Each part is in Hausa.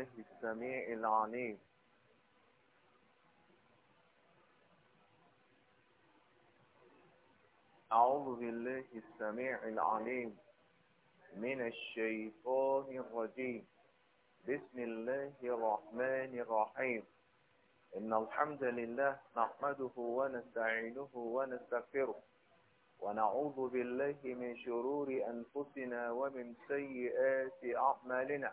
الله السميع العليم أعوذ بالله السميع العليم من الشيطان الرجيم بسم الله الرحمن الرحيم إن الحمد لله نحمده ونستعينه ونستغفره ونعوذ بالله من شرور أنفسنا ومن سيئات أعمالنا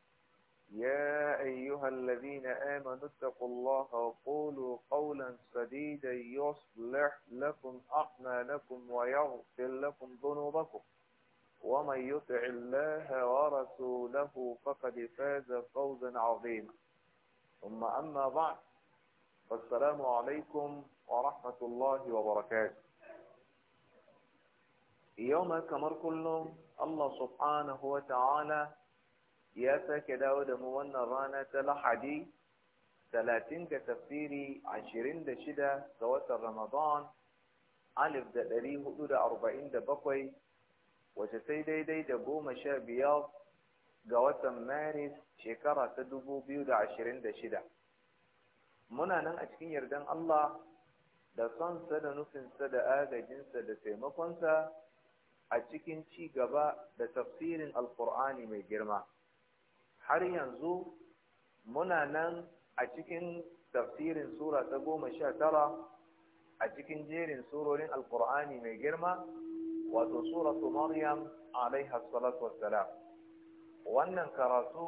يا أيها الذين آمنوا اتقوا الله وقولوا قولا سديدا يصلح لكم أعمالكم ويغفر لكم ذنوبكم ومن يطع الله ورسوله فقد فاز فوزا عظيما ثم أما بعد فالسلام عليكم ورحمة الله وبركاته يوم كمر كلهم الله سبحانه وتعالى ya sake dawo da mu wannan rana ta lahadi talatin ga tafsiri ashirin da shida ga watan ramadan alif da ɗari hudu da arba'in da bakwai wace sai daidai da goma sha biyar ga watan maris shekara ta dubu biyu da ashirin da shida muna nan a cikin yardan allah da sonsa da nufinsa da agajinsa da taimakonsa a cikin ci gaba da tafsirin alkur'ani mai girma har yanzu muna nan a cikin tafsirin sura ta goma sha tara a cikin jerin surorin alkur'ani mai girma wato suratu maryam alaiha salatu wassalam wannan karatu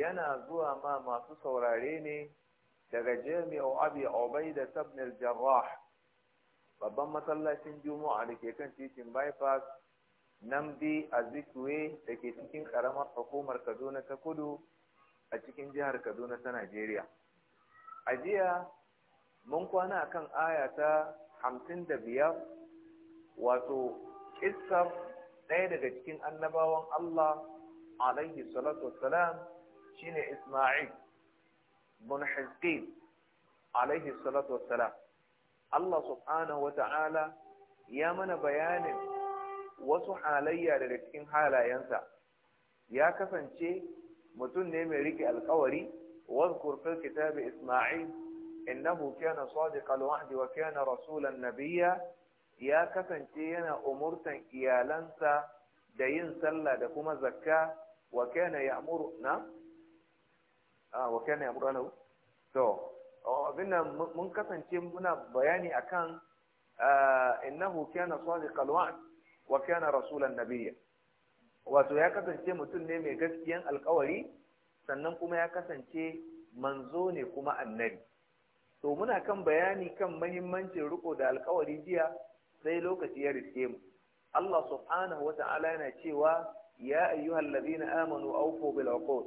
yana zuwa ma masu saurare ne daga jami'u abi ubaida da al-jarrah babban masallacin juma'a da ke kan titin bypass nan bi a azikiwe da ke cikin ƙaramar hukumar kaduna ta kudu a cikin jihar kaduna ta najeriya a jiya mun kwana kan aya ta hamsin da biyar wato kisar ɗaya daga cikin annabawan allah alaihi salatu shi shine isma'il bin hizqil alaihi salatu wassalam allah subhanahu wa ta'ala ya mana bayanin wasu halayya daga cikin halayensa ya kasance mutum ne mai rike alkawari wadkur fil kitabi isma'il innahu kana sadiqal wa'd wa kana rasulan nabiyya ya kasance yana umurtan iyalansa da yin sallah da kuma zakka wa kana ya'muru na ah wa kana ya'muru lahu to abin mun kasance muna bayani akan ah, innahu kana sadiqal wa'd wa kana rasulan nabiyya wato ya kasance mutum ne mai gaskiyan alkawari sannan kuma ya kasance manzo ne kuma annabi to muna kan bayani kan mahimmancin riko da alkawari jiya sai lokaci ya riske mu Allah subhanahu wata'ala yana cewa ya ayyuhal ladina amanu awfu bil uqud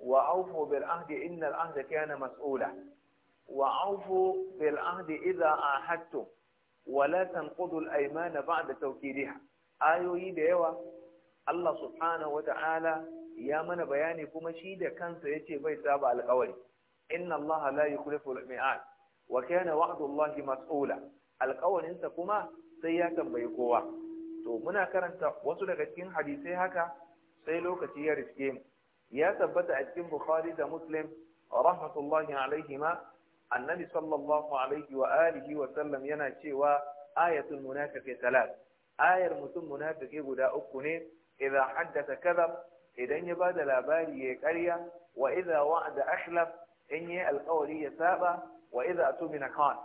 wa awfu bil ahdi innal ahda kana mas'ula wa awfu bil ahdi idza ahadtum wala tanqudu al-aymana ba'da tawkidiha ayoyi da yawa Allah subhanahu wata'ala ya mana bayani kuma shi da kansa yace bai saba alƙawari inna Allah la yukhlifu al-mi'ad wa kana wa'du Allah mas'ula alƙawarin sa kuma sai ya tambayi kowa to muna karanta wasu daga cikin hadisai haka sai lokaci ya riske mu ya tabbata a cikin Bukhari da Muslim rahmatullahi alaihima annabi sallallahu alaihi wa alihi wa sallam yana cewa ayatul munafiqi talat ayar mutum munafiki guda uku ne idan haddasa kadab idan ya bada labari ya karya wa idan wa'ada in yi alkawari ya saba wa idan atumina kan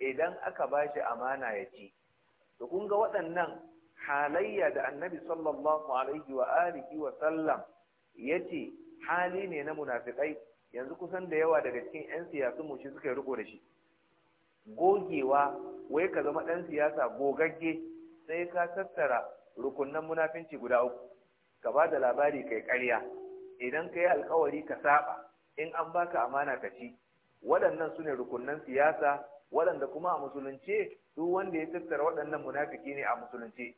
idan aka bashi amana ya ci to kun ga waɗannan halayya da annabi sallallahu alaihi wa alihi wa sallam yace hali ne na munafikai yanzu kusan da yawa daga cikin 'yan siyasa mu shi suka riko da shi gogewa wai ka zama ɗan siyasa gogagge sai ka tattara rukunnan munafinci guda uku ka ba da labari kai ƙarya idan ka yi alkawari ka saba in an baka amana ka ci waɗannan su ne rukunnan siyasa waɗanda kuma a musulunce duk wanda ya tattara waɗannan munafiki ne a musulunce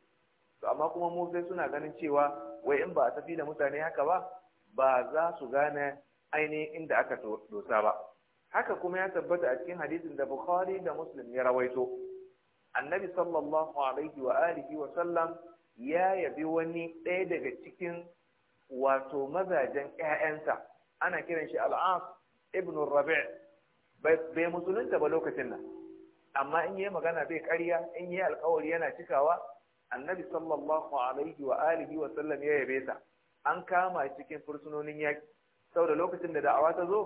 to amma kuma mu sai suna ganin cewa wai in ba a tafi da mutane haka ba ba za su gane ainihin inda aka dosa ba haka kuma ya tabbata a cikin hadisin da bukhari da muslim ya rawaito annabi sallallahu alaihi wa alihi wa sallam ya yabi wani ɗaya daga cikin wato mazajen ƴaƴansa ana kiran shi al'as ibn rabi' bai musulunta ba lokacin nan amma in yi magana bai ƙarya in yi alkawari yana cikawa annabi sallallahu alaihi wa alihi wa sallam ya yabe ta an kama cikin fursunonin yaƙi. saboda lokacin da da'awa ta zo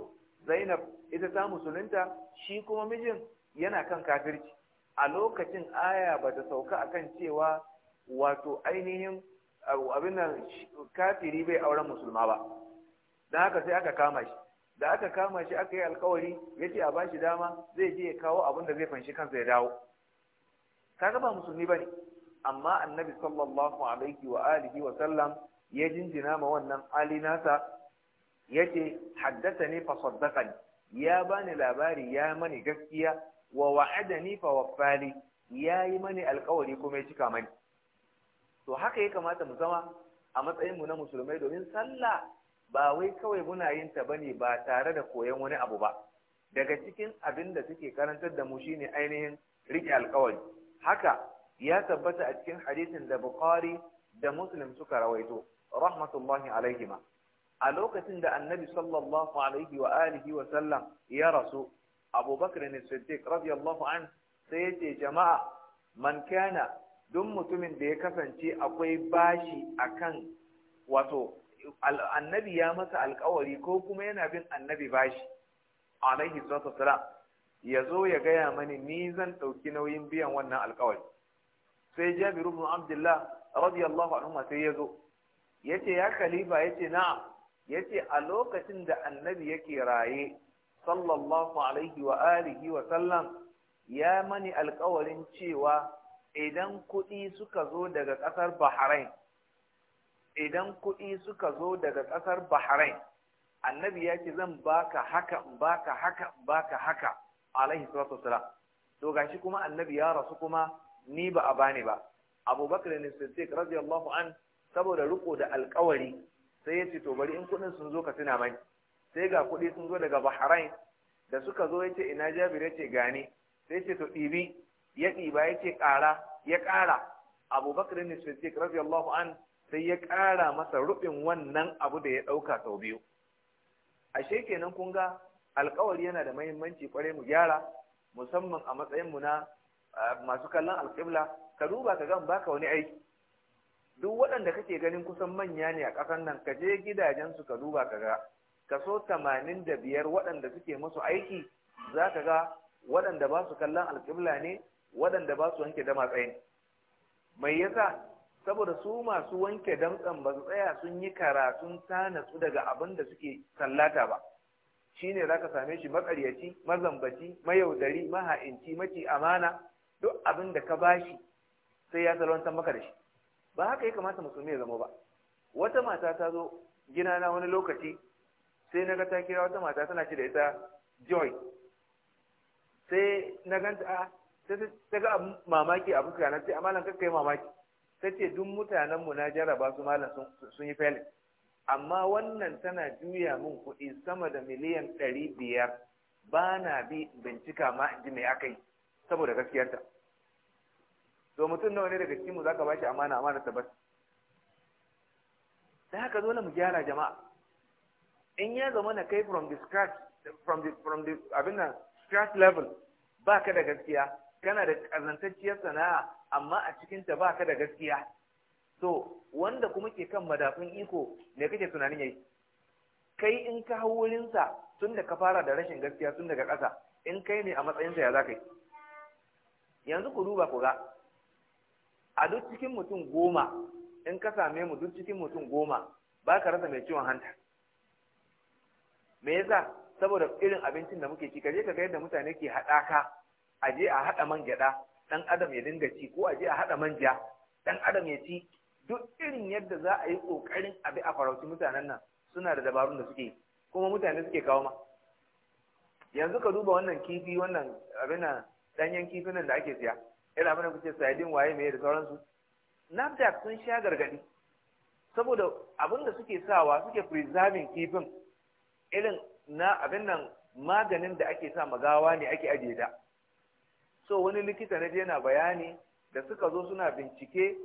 zainab ita ta musulunta shi kuma mijin yana kan kafirci a lokacin aya ba ta sauka akan cewa wato ainihin abin nan kafiri bai auren musulma ba don haka sai aka kama shi da aka kama shi aka yi alkawari ya ce a ba shi dama zai je ya kawo abin da zai fanshi kansa ya dawo Ka ba musulmi ba ne amma annabi sallallahu alaihi wa alihi wa sallam ya jinjina ma wannan ali nasa ce, haddasa fa saddaqani ya bani labari ya mani gaskiya wa wa'adani fa waffali ya yi mani alkawari kuma ya cika mani to haka ya kamata mu zama a matsayin mu na musulmai domin sallah ba wai kawai muna yin ta bane ba tare da koyon wani abu ba daga cikin abin da suke karantar da mu shine ainihin rike alkawari haka ya tabbata a cikin hadisin da bukhari da muslim suka rawaito rahmatullahi alaihima a lokacin da annabi sallallahu alaihi wa alihi wa sallam ya rasu abubakar ne siddiq radiyallahu an sai ya ce jama'a man kana duk mutumin da ya kasance akwai bashi akan wato annabi ya masa alkawari ko kuma yana bin annabi bashi alaihi salatu wasalam ya zo ya gaya mani ni zan ɗauki nauyin biyan wannan alkawari sai jabiru bin abdullah radiyallahu anhu sai ya zo ya ce ya khalifa ya ce na'am yace a lokacin da annabi yake raye sallallahu alaihi wa alihi wa sallam ya mani alkawarin cewa idan kuɗi suka zo daga ƙasar Bahrain idan kuɗi suka zo daga ƙasar Bahrain annabi ya ce zan baka haka baka haka baka haka alaihi salatu wasalam to gashi kuma annabi ya rasu kuma ni ba a bani ba abubakar ne siddiq radiyallahu an saboda riko da alkawari sai ya ce to bari in kuɗin sun zo ka tuna mani sai ga kuɗi sun zo daga bahrain da suka zo ya ce ina jabir ya ce gani sai ce to ɗibi ya ɗiba ya ce ƙara ya ƙara abubakar ne siddiq radiyallahu an sai ya ƙara masa rubin wannan abu da ya ɗauka sau biyu ashe kenan kun ga alkawari yana da mahimmanci kwarai mu gyara musamman a matsayin mu na eh, masu kallon alƙibla ka duba ka gan baka wani aiki duk waɗanda kake ganin kusan manya ne a ƙasar nan ka je gidajen su ka duba ka ga kaso tamanin da biyar waɗanda suke masu aiki za ka ga waɗanda ba su kallon alƙibla ne waɗanda ba su wanke dama tsayin mai yasa saboda su masu wanke damtsan ba su tsaya sun yi karatun tanatsu daga abin da suke sallata ba shine za ka same shi maƙaryaci mazambaci mayaudari maha'inci maci amana duk abin da ka bashi sai ya salwantar maka da shi ba haka ya kamata musulmi ya zama ba wata mata ta zo gina na wani lokaci sai na ga ta kira wata mata tana ce da ita joy sai na ganta a sai ta ga mamaki a fuska na ce a malam kakkai mamaki ta ce duk mutanen mu na ba su malam sun yi felin amma wannan tana juya min kuɗi sama da miliyan ɗari biyar ba na bi bincika ma in ji me aka yi saboda gaskiyarta to mutum nawa ne daga cikin mu zaka bashi amana amana ta da haka dole mu gyara jama'a in ya zama na kai from the scratch from the from the abin nan scratch level baka da gaskiya kana da kazantacciyar sana'a amma a cikin ta ka da gaskiya to wanda kuma ke kan madafin iko ne kake tunanin yayi kai in ka hau wurinsa tun da ka fara da rashin gaskiya tun daga ƙasa in kai ne a matsayinsa ya za yi yanzu ku duba ku ga a duk cikin mutum goma in ka same mu duk cikin mutum goma ba ka rasa mai ciwon hanta me yasa saboda irin abincin da muke ci kaje ka ga yadda mutane ke haɗaka a je a haɗa man gyaɗa ɗan adam ya dinga ci ko a je a haɗa manja ɗan adam ya ci duk irin yadda za a yi ƙoƙarin abi a farauci mutanen nan suna da dabarun da suke kuma mutane suke kawo ma yanzu ka duba wannan kifi wannan abin nan ɗanyen kifin nan da ake siya Ina mana kuce sayadin waye mai da sauransu NAFDAC sun sha gargadi saboda abin da suke sawa suke preserving kifin irin na abin nan maganin da ake sa magawa ne ake ajiye da. so wani likita na yana bayani da suka zo suna bincike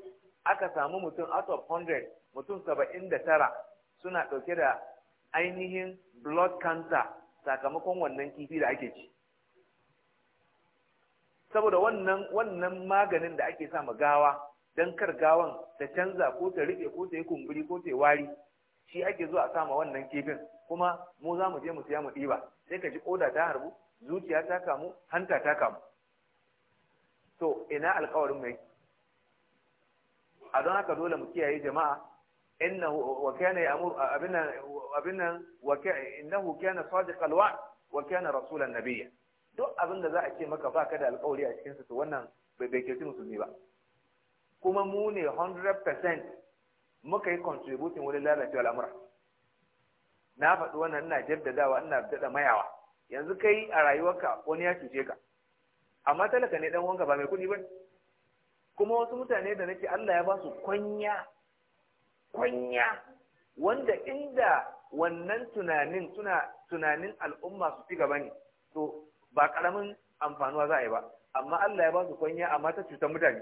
aka samu mutum out of 100 mutum 79 suna ɗauke da ainihin blood cancer sakamakon wannan kifi da ake ci saboda wannan wannan maganin da ake sa gawa dan kar gawan ta canza ko ta rike ko ta yi kumburi ko ta yi wari shi ake zuwa a sama wannan kifin kuma mu za mu je mu siya mu ɗiba sai ka ji koda ta harbu zuciya ta kamu hanta ta kamu to ina alkawarin mai a don haka dole mu kiyaye jama'a innahu wa kana ya'muru abinan abinan wa innahu kana sadiqal wa'd wa kana rasulan nabiyya duk abin da za a ce maka baka da alƙawari a cikinsa to wannan bai bai kyautu musulmi ba kuma mu ne 100% muka yi contributing wurin lalacewa al'amura na faɗi wannan ina jaddadawa ina daɗa mayawa yanzu kai a rayuwarka wani ya cuce ka amma talaka ne dan wanka ba mai kuɗi ba kuma wasu mutane da nake Allah ya ba su kwanya kwanya wanda inda wannan tunanin tunanin al'umma su ci gaba ne to ba karamin amfanuwa za a yi ba amma Allah ya ba su kwanya a mata cutar mutane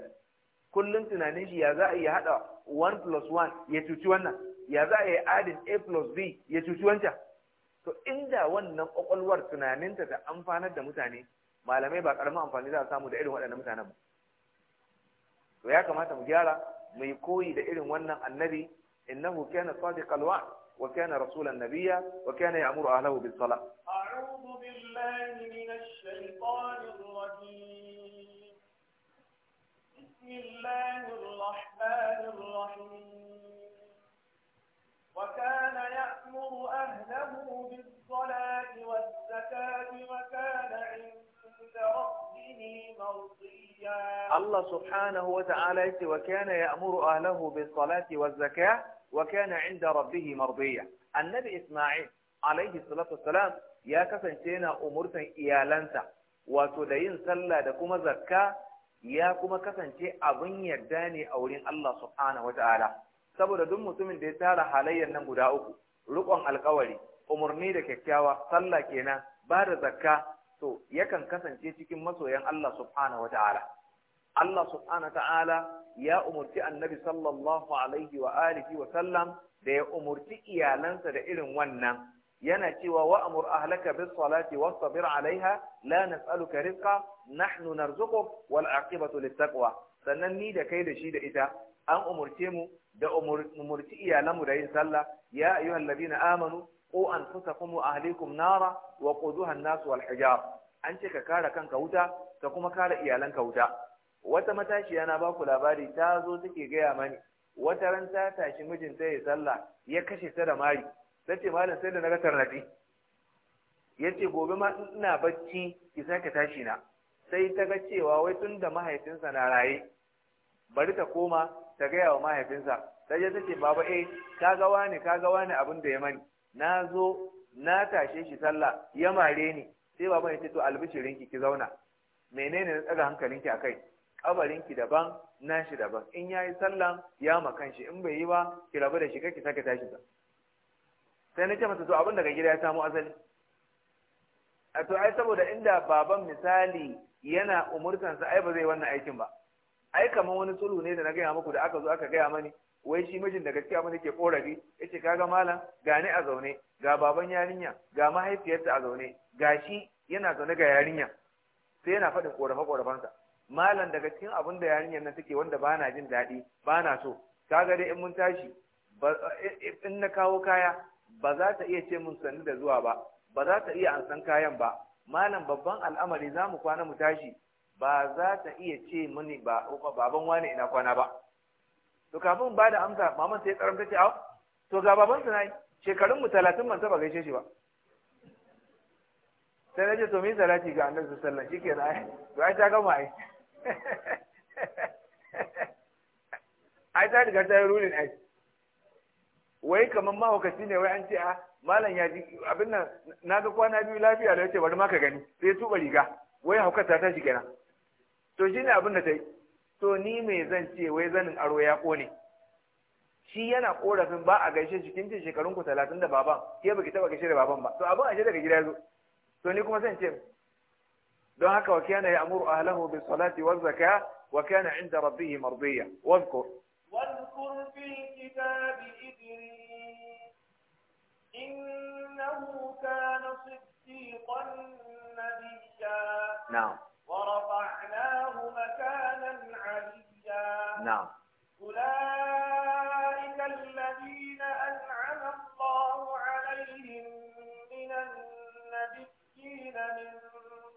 kullum tunanin shi ya za a yi haɗa 1 plus 1 ya cuci wannan ya za a yi adin a plus b ya cuci wancan to inda wannan kwakwalwar tunaninta ta amfanar da mutane malamai ba karamin amfani za a samu da irin waɗannan mutanen ba to ya kamata mu gyara mai koyi da irin wannan annabi innahu kana sadiqal wa'd wa kana rasulan nabiyya wa kana ya'muru ahlahu bis salah أعوذ بالله من الشيطان الرجيم بسم الله الرحمن الرحيم وكان يأمر أهله بالصلاة والزكاة وكان عند ربه مرضيا الله سبحانه وتعالى وكان يأمر أهله بالصلاة والزكاة وكان عند ربه مرضيا النبي إسماعيل عليه الصلاة والسلام ya kasance yana umurtan iyalansa wato da yin sallah da kuma zakka ya kuma kasance abin yarda ne a wurin Allah subhanahu wata'ala saboda duk mutumin da ya tara halayyar nan guda uku rukon alkawari umarni da kyakkyawa sallah kenan ba da zakka to yakan kasance cikin masoyan Allah subhanahu wata'ala Allah subhanahu wata'ala ya umurci annabi sallallahu alaihi wa alihi wa sallam da ya umurci iyalansa da irin wannan yana cewa wa'amur ahlaka bis salati wastabir alaiha la nas'aluka rizqa nahnu narzuquk wal aqibatu lit sannan ni da kai da shi da ita an umurce mu da umurci iyalanmu da yin sallah ya ayyuhal ladina amanu qu anfusakum wa ahlikum nara wa quduha an-nas wal hijar an ce ka kare kanka wuta ka kuma kare iyalanka wuta wata matashiya na baku labari ta zo take gaya mani wata ran ta tashi mijinta ya sallah ya kashe ta da mari na malam sai da na ga tarnaɗi ya ce gobe ma ina bacci ki sake tashi na sai ta ga cewa wai tun da mahaifinsa na raye bari ta koma ta gaya wa mahaifinsa ta je ta ce baba eh ka ga wani ka ga wani abin da ya mani na zo na tashe shi sallah ya mare ni sai baba ya ce to albishirinki ki zauna menene na tsaga hankalinki akai kabarinki daban nashi daban in yayi sallan ya makan shi in bai yi ba ki rabu da shi kake sake tashi ba sai na ce masa to abin daga gida ya samu asali a to ai saboda inda baban misali yana sa ai ba zai wannan aikin ba ai kamar wani sulhu ne da na gaya muku da aka zo aka gaya mani wai shi mijin da gaskiya mun yake korafi yace kaga malam ga ni a zaune ga baban yarinya ga mahaifiyarta a zaune ga shi yana zaune ga yarinya sai yana faɗin korafe korafansa malam daga cikin abin da yarinyar nan take wanda bana jin daɗi bana so kaga dai in mun tashi in na kawo kaya ba za ta iya ce mun sani da zuwa ba ba za ta iya ansan kayan ba malam babban al'amari za mu kwana mu tashi ba za ta iya ce mini ba baban wani ina kwana ba to kafin ba da amsa maman sai karanta ce au to ga baban su nayi shekarun mu talatin man ba gaishe shi ba sai na ce to mi salati ga annabi sallallahu alaihi wasallam shikenan ai to ai ta gama ai ai ta riga ta yi rulin ai wai kamar mahaukaci ne wai an ce a ah, malam ya ji abin nan na ga kwana biyu lafiya da yace bari ma ka gani sai tuba riga wai haukata ta tashi kenan to shine abin da ta yi to ni me zan ce wai zanin aro ya kone shi yana korafin ba a gaishe shi kin shekarun ku talatin da baban ke baki taba gaishe da baban ba to abin ashe daga gida zo to ni kuma zan ce don haka wa kana amuru ahlahu bis salati waz zakah wa kana 'inda rabbih mardiya zkur واذكر في الكتاب إدريس إنه كان صديقا نبيا نعم ورفعناه مكانا عليا نعم أولئك الذين أنعم الله عليهم من النبيين من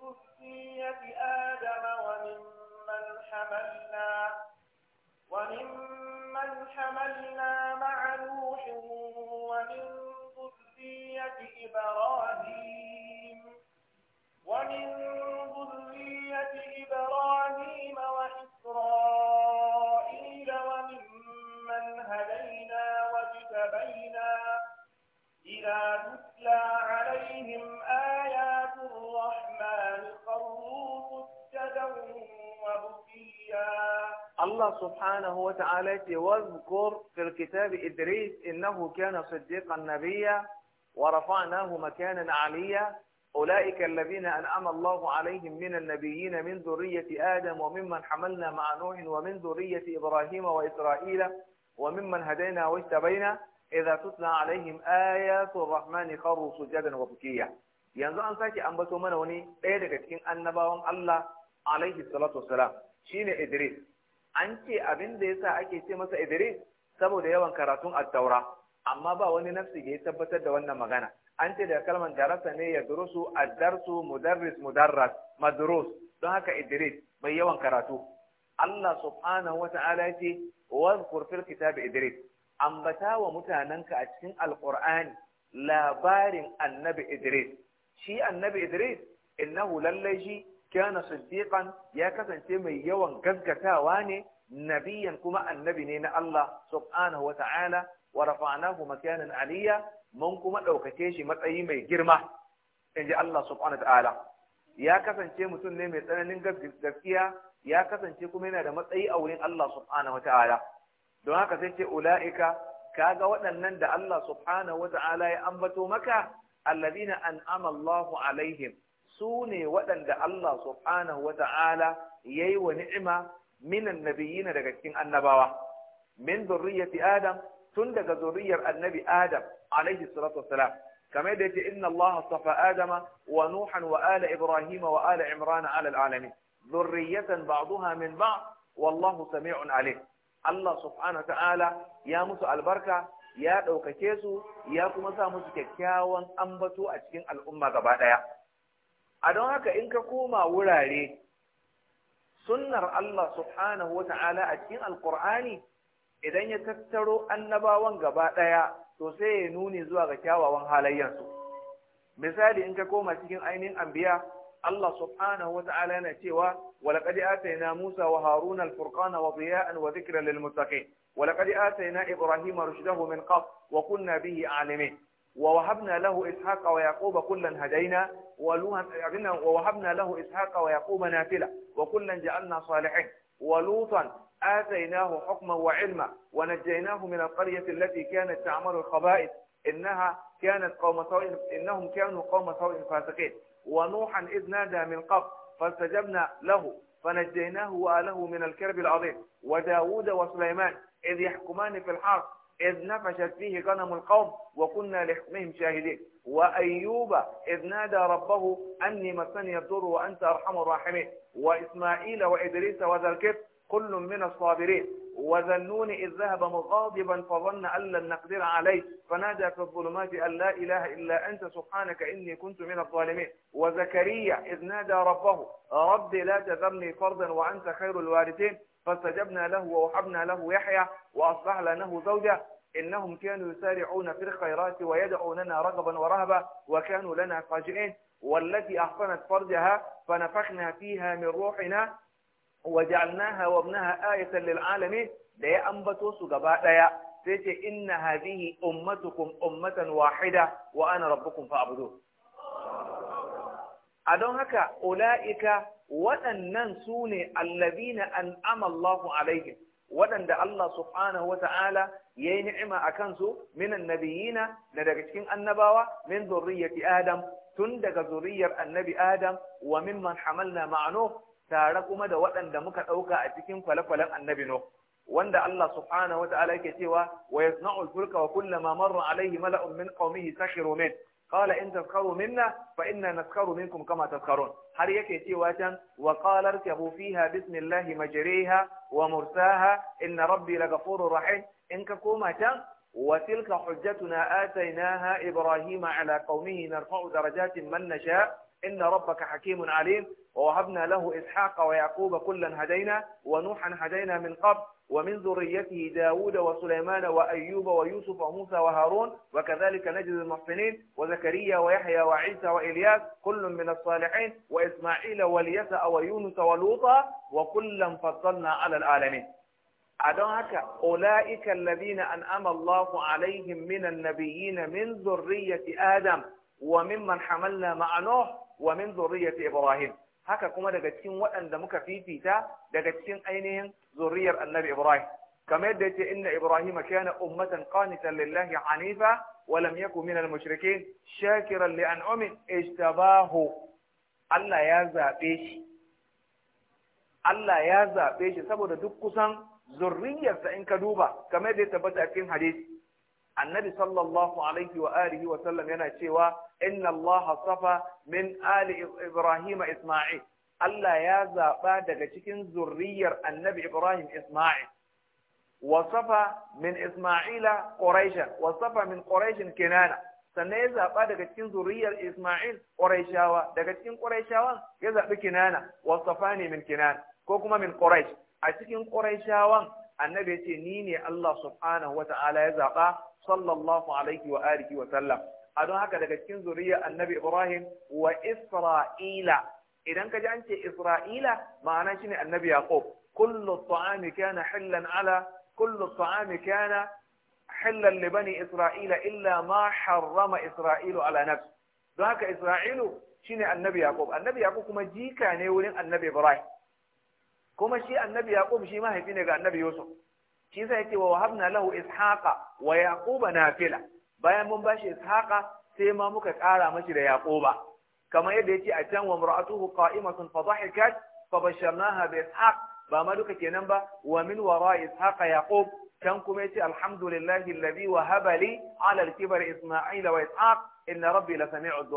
ذرية آدم وممن حملنا وممن حملنا مع نوح ومن ذرية إبراهيم ومن ذرية إبراهيم وإسرائيل وممن هدينا واجتبينا إذا تتلى عليهم آيات الرحمن الله سبحانه وتعالى واذكر في الكتاب إدريس إنه كان صديقا نبيا ورفعناه مكانا عليا أولئك الذين أنعم الله عليهم من النبيين من ذرية آدم وممن حملنا مع نوح ومن ذرية إبراهيم وإسرائيل وممن هدينا واجتبينا إذا تتلى عليهم آيات الرحمن خروا سجدا وبكيا ينظر أن ساكي ambato منوني إيدك إن daga الله عليه الصلاة والسلام shine Idris an ce abin da yasa ake ce masa Idris saboda yawan karatun at-taura amma ba wani nafsi da ya tabbatar da wannan magana an ce da kalmar darasa ne ya durusu ad-darsu mudarris mudarras madrus don haka Idris mai yawan karatu Allah subhanahu Ta'ala ce wazkur fil kitab Idris ambata wa mutananka a cikin alqur'ani labarin annabi Idris shi annabi Idris innahu lallai shi kana siddiqan ya kasance mai yawan gaskatawa ne nabiyan kuma annabi ne na Allah subhanahu wa ta'ala wa rafa'nahu makanan aliyya mun kuma ɗaukace shi matsayi mai girma inji Allah subhanahu ta'ala ya kasance mutum ne mai tsananin gaskiya ya kasance kuma yana da matsayi a wurin Allah subhanahu wataala don haka sai ce Ka ga waɗannan da Allah subhanahu wataala ya ambato maka alladhina an'ama Allahu alaihim su ne waɗanda Allah subhanahu wa ta'ala ya yi wa ni'ima minan nabiyina daga cikin annabawa min zurriyyati adam tun daga zurriyar annabi adam alaihi salatu wa kamar da yake inna Allah safa adama wa nuhan wa ala ibrahima wa ala imran ala alalamin zurriyatan ba'daha min ba? wallahu sami'un alim Allah subhanahu wa ta'ala ya musu albarka ya ɗaukake su ya kuma sa musu kyakkyawan ambato a cikin al'umma gaba ɗaya a don haka in ka koma wurare sunnar Allah subhanahu wa ta'ala a cikin alkur'ani idan ya tattaro annabawan gaba ɗaya to sai ya nuni zuwa ga kyawawan halayyarsu misali in ka koma cikin ainihin anbiya Allah subhanahu wa ta'ala yana cewa ولقد آتينا wa وهارون الفرقان وضياء وذكرا للمتقين ولقد آتينا إبراهيم رشده من قبل وكنا به عالمين ووهبنا له إسحاق ويعقوب كلا هدينا ووهبنا له إسحاق ويعقوب نافلة وكلا جعلنا صالحين ولوطا آتيناه حكما وعلما ونجيناه من القرية التي كانت تعمل الخبائث إنها كانت قوم سوء إنهم كانوا قوم سوء فاسقين ونوحا إذ نادى من قبل فاستجبنا له فنجيناه وآله من الكرب العظيم وداود وسليمان إذ يحكمان في الحرب إذ نفشت فيه غنم القوم وكنا لحكمهم شاهدين وأيوب إذ نادى ربه أني مسني الضر وأنت أرحم الراحمين وإسماعيل وإدريس وذا الكفر كل من الصابرين وذنون إذ ذهب مغاضبا فظن أن لن نقدر عليه فنادى في الظلمات أن لا إله إلا أنت سبحانك إني كنت من الظالمين وزكريا إذ نادى ربه رب لا تذرني فردا وأنت خير الوارثين فاستجبنا له ووهبنا له يحيى وأصلح له زوجة إنهم كانوا يسارعون في الخيرات ويدعوننا رغبا ورهبا وكانوا لنا فاجئين والتي أحصنت فرجها فنفخنا فيها من روحنا وجعلناها وابنها آية للعالمين da أنبتوا سجباء su إن هذه أمتكم أمة واحدة وأنا ربكم فأعبدوه a don haka ula'ika waɗannan su ne allazina an'ama alaihim waɗanda Allah subhanahu wa ta'ala ya yi ni'ima a kansu minan nabiyina da daga cikin annabawa min zurriyyati Adam tun daga zurriyar annabi Adam wa mimman hamalna ma'ano tare kuma da waɗanda muka ɗauka a cikin kwale-kwalen annabi Nuh wanda Allah subhanahu wa ta'ala yake cewa wa yasna'ul fulka wa kullama marra alaihi mala'un min qaumihi sakhiru min قال إن تسخروا منا فإنا نسخر منكم كما تسخرون هل يكيتي واتن وقال اركبوا فيها بسم الله مجريها ومرساها إن ربي لغفور رحيم إن كما وتلك حجتنا آتيناها إبراهيم على قومه نرفع درجات من نشاء إن ربك حكيم عليم ووهبنا له إسحاق ويعقوب كلا هدينا ونوحا هدينا من قبل ومن ذريته داود وسليمان وأيوب ويوسف وموسى وهارون وكذلك نجد المحسنين وزكريا ويحيى وعيسى وإلياس كل من الصالحين وإسماعيل واليسع ويونس ولوطا وكلا فضلنا على العالمين أدون هكا أولئك الذين أنعم الله عليهم من النبيين من ذرية آدم وممن حملنا مع نوح wa min zurriyyati Ibrahim haka kuma daga cikin waɗanda muka fifita daga cikin ainihin zuriyar Annabi Ibrahim kamar yadda yace inna Ibrahim kana ummatan qanitan lillahi hanifa wa lam yakun minal mushrikeen shakiran li an'ami ijtabahu Allah ya zabe shi Allah ya zabe shi saboda duk kusan zurriyarsa in ka duba kamar yadda ya tabbata a cikin hadisi annabi sallallahu alaihi wa alihi wa sallam yana cewa inna Allah safa min ali ibrahim isma'il Allah ya zaba daga cikin zurriyar annabi ibrahim isma'il wa safa min isma'ila quraisha wa safa min quraishin kinana sannan ya zaba daga cikin zurriyar isma'il quraishawa daga cikin quraishawan ya zabi kinana wa safani min kinana ko kuma min quraish a cikin quraishawan annabi ya ce ni ne Allah subhanahu wa ta'ala ya zaba sallallahu alaihi wa alihi wa sallam a don haka daga cikin zuriya annabi ibrahim wa isra'ila idan ka ji an ce isra'ila ma'ana shine annabi yaqub kullu ta'ami kana hillan ala kullu ta'ami kana hillan li bani isra'ila illa ma harrama isra'ilu ala nafsi don haka isra'ilu shine annabi yaqub annabi yaqub kuma jika ne wurin annabi ibrahim kuma shi annabi yaqub shi mahaifi ne ga annabi yusuf shi sai yake na wahabna lahu ishaqa wa na fila bayan mun bashi ishaka sai ma muka ƙara mashi da yakuba kamar yadda yake a can wa mar'atuhu qa'imatun fa dhahikat fa basharnaha bi ishaq ba ma duka kenan ba wa min wara ishaqa yaqub can kuma yace alhamdulillahi alladhi wahaba li ala al-kibar wa ishaq inna rabbi la sami'u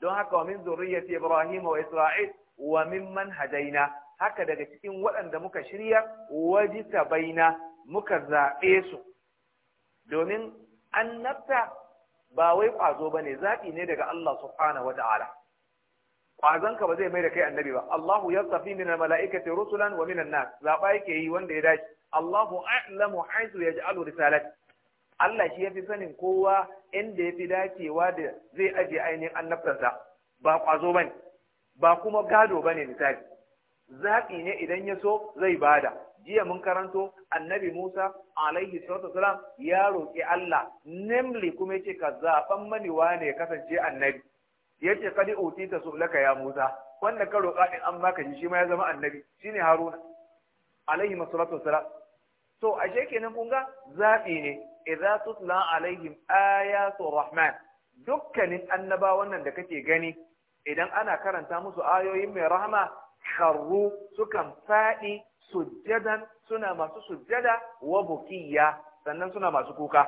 don haka wa min zurriyyati ibrahim wa isra'il wa mimman hadaina haka daga cikin waɗanda muka shirya wajita baina muka zaɓe su domin annabta ba wai ƙwazo ba ne zaɓi ne daga Allah subhanahu wa ta'ala ƙwazonka ba zai mai da kai annabi ba Allahu ya tafi min mala'ikati rusulan wa minan nas zaɓa yake yi wanda ya dace Allahu a'lamu ya ji alu risalat. Allah shi ya fi sanin kowa inda ya fi dacewa da zai ajiye ainihin annabtansa ba ƙwazo ba ne. ba kuma gado ba ne, misali zaɓi ne idan ya so zai bada jiya mun karanto annabi Musa alaihi salatu wasalam ya roƙi Allah namely kuma yace ka zaɓan mani wane kasance annabi yace kadi so laka ya Musa wanda ka roƙa din an baka shi shi ma ya zama annabi shine Haruna alaihi salatu wasalam to ashe kenan kun ga zaɓi ne idza tutla alaihim ayatu rahman dukkanin annabawan nan da kake gani idan ana karanta musu ayoyin mai rahama karru sukan faɗi sujjadan suna masu sujjada wa bukiya sannan suna masu kuka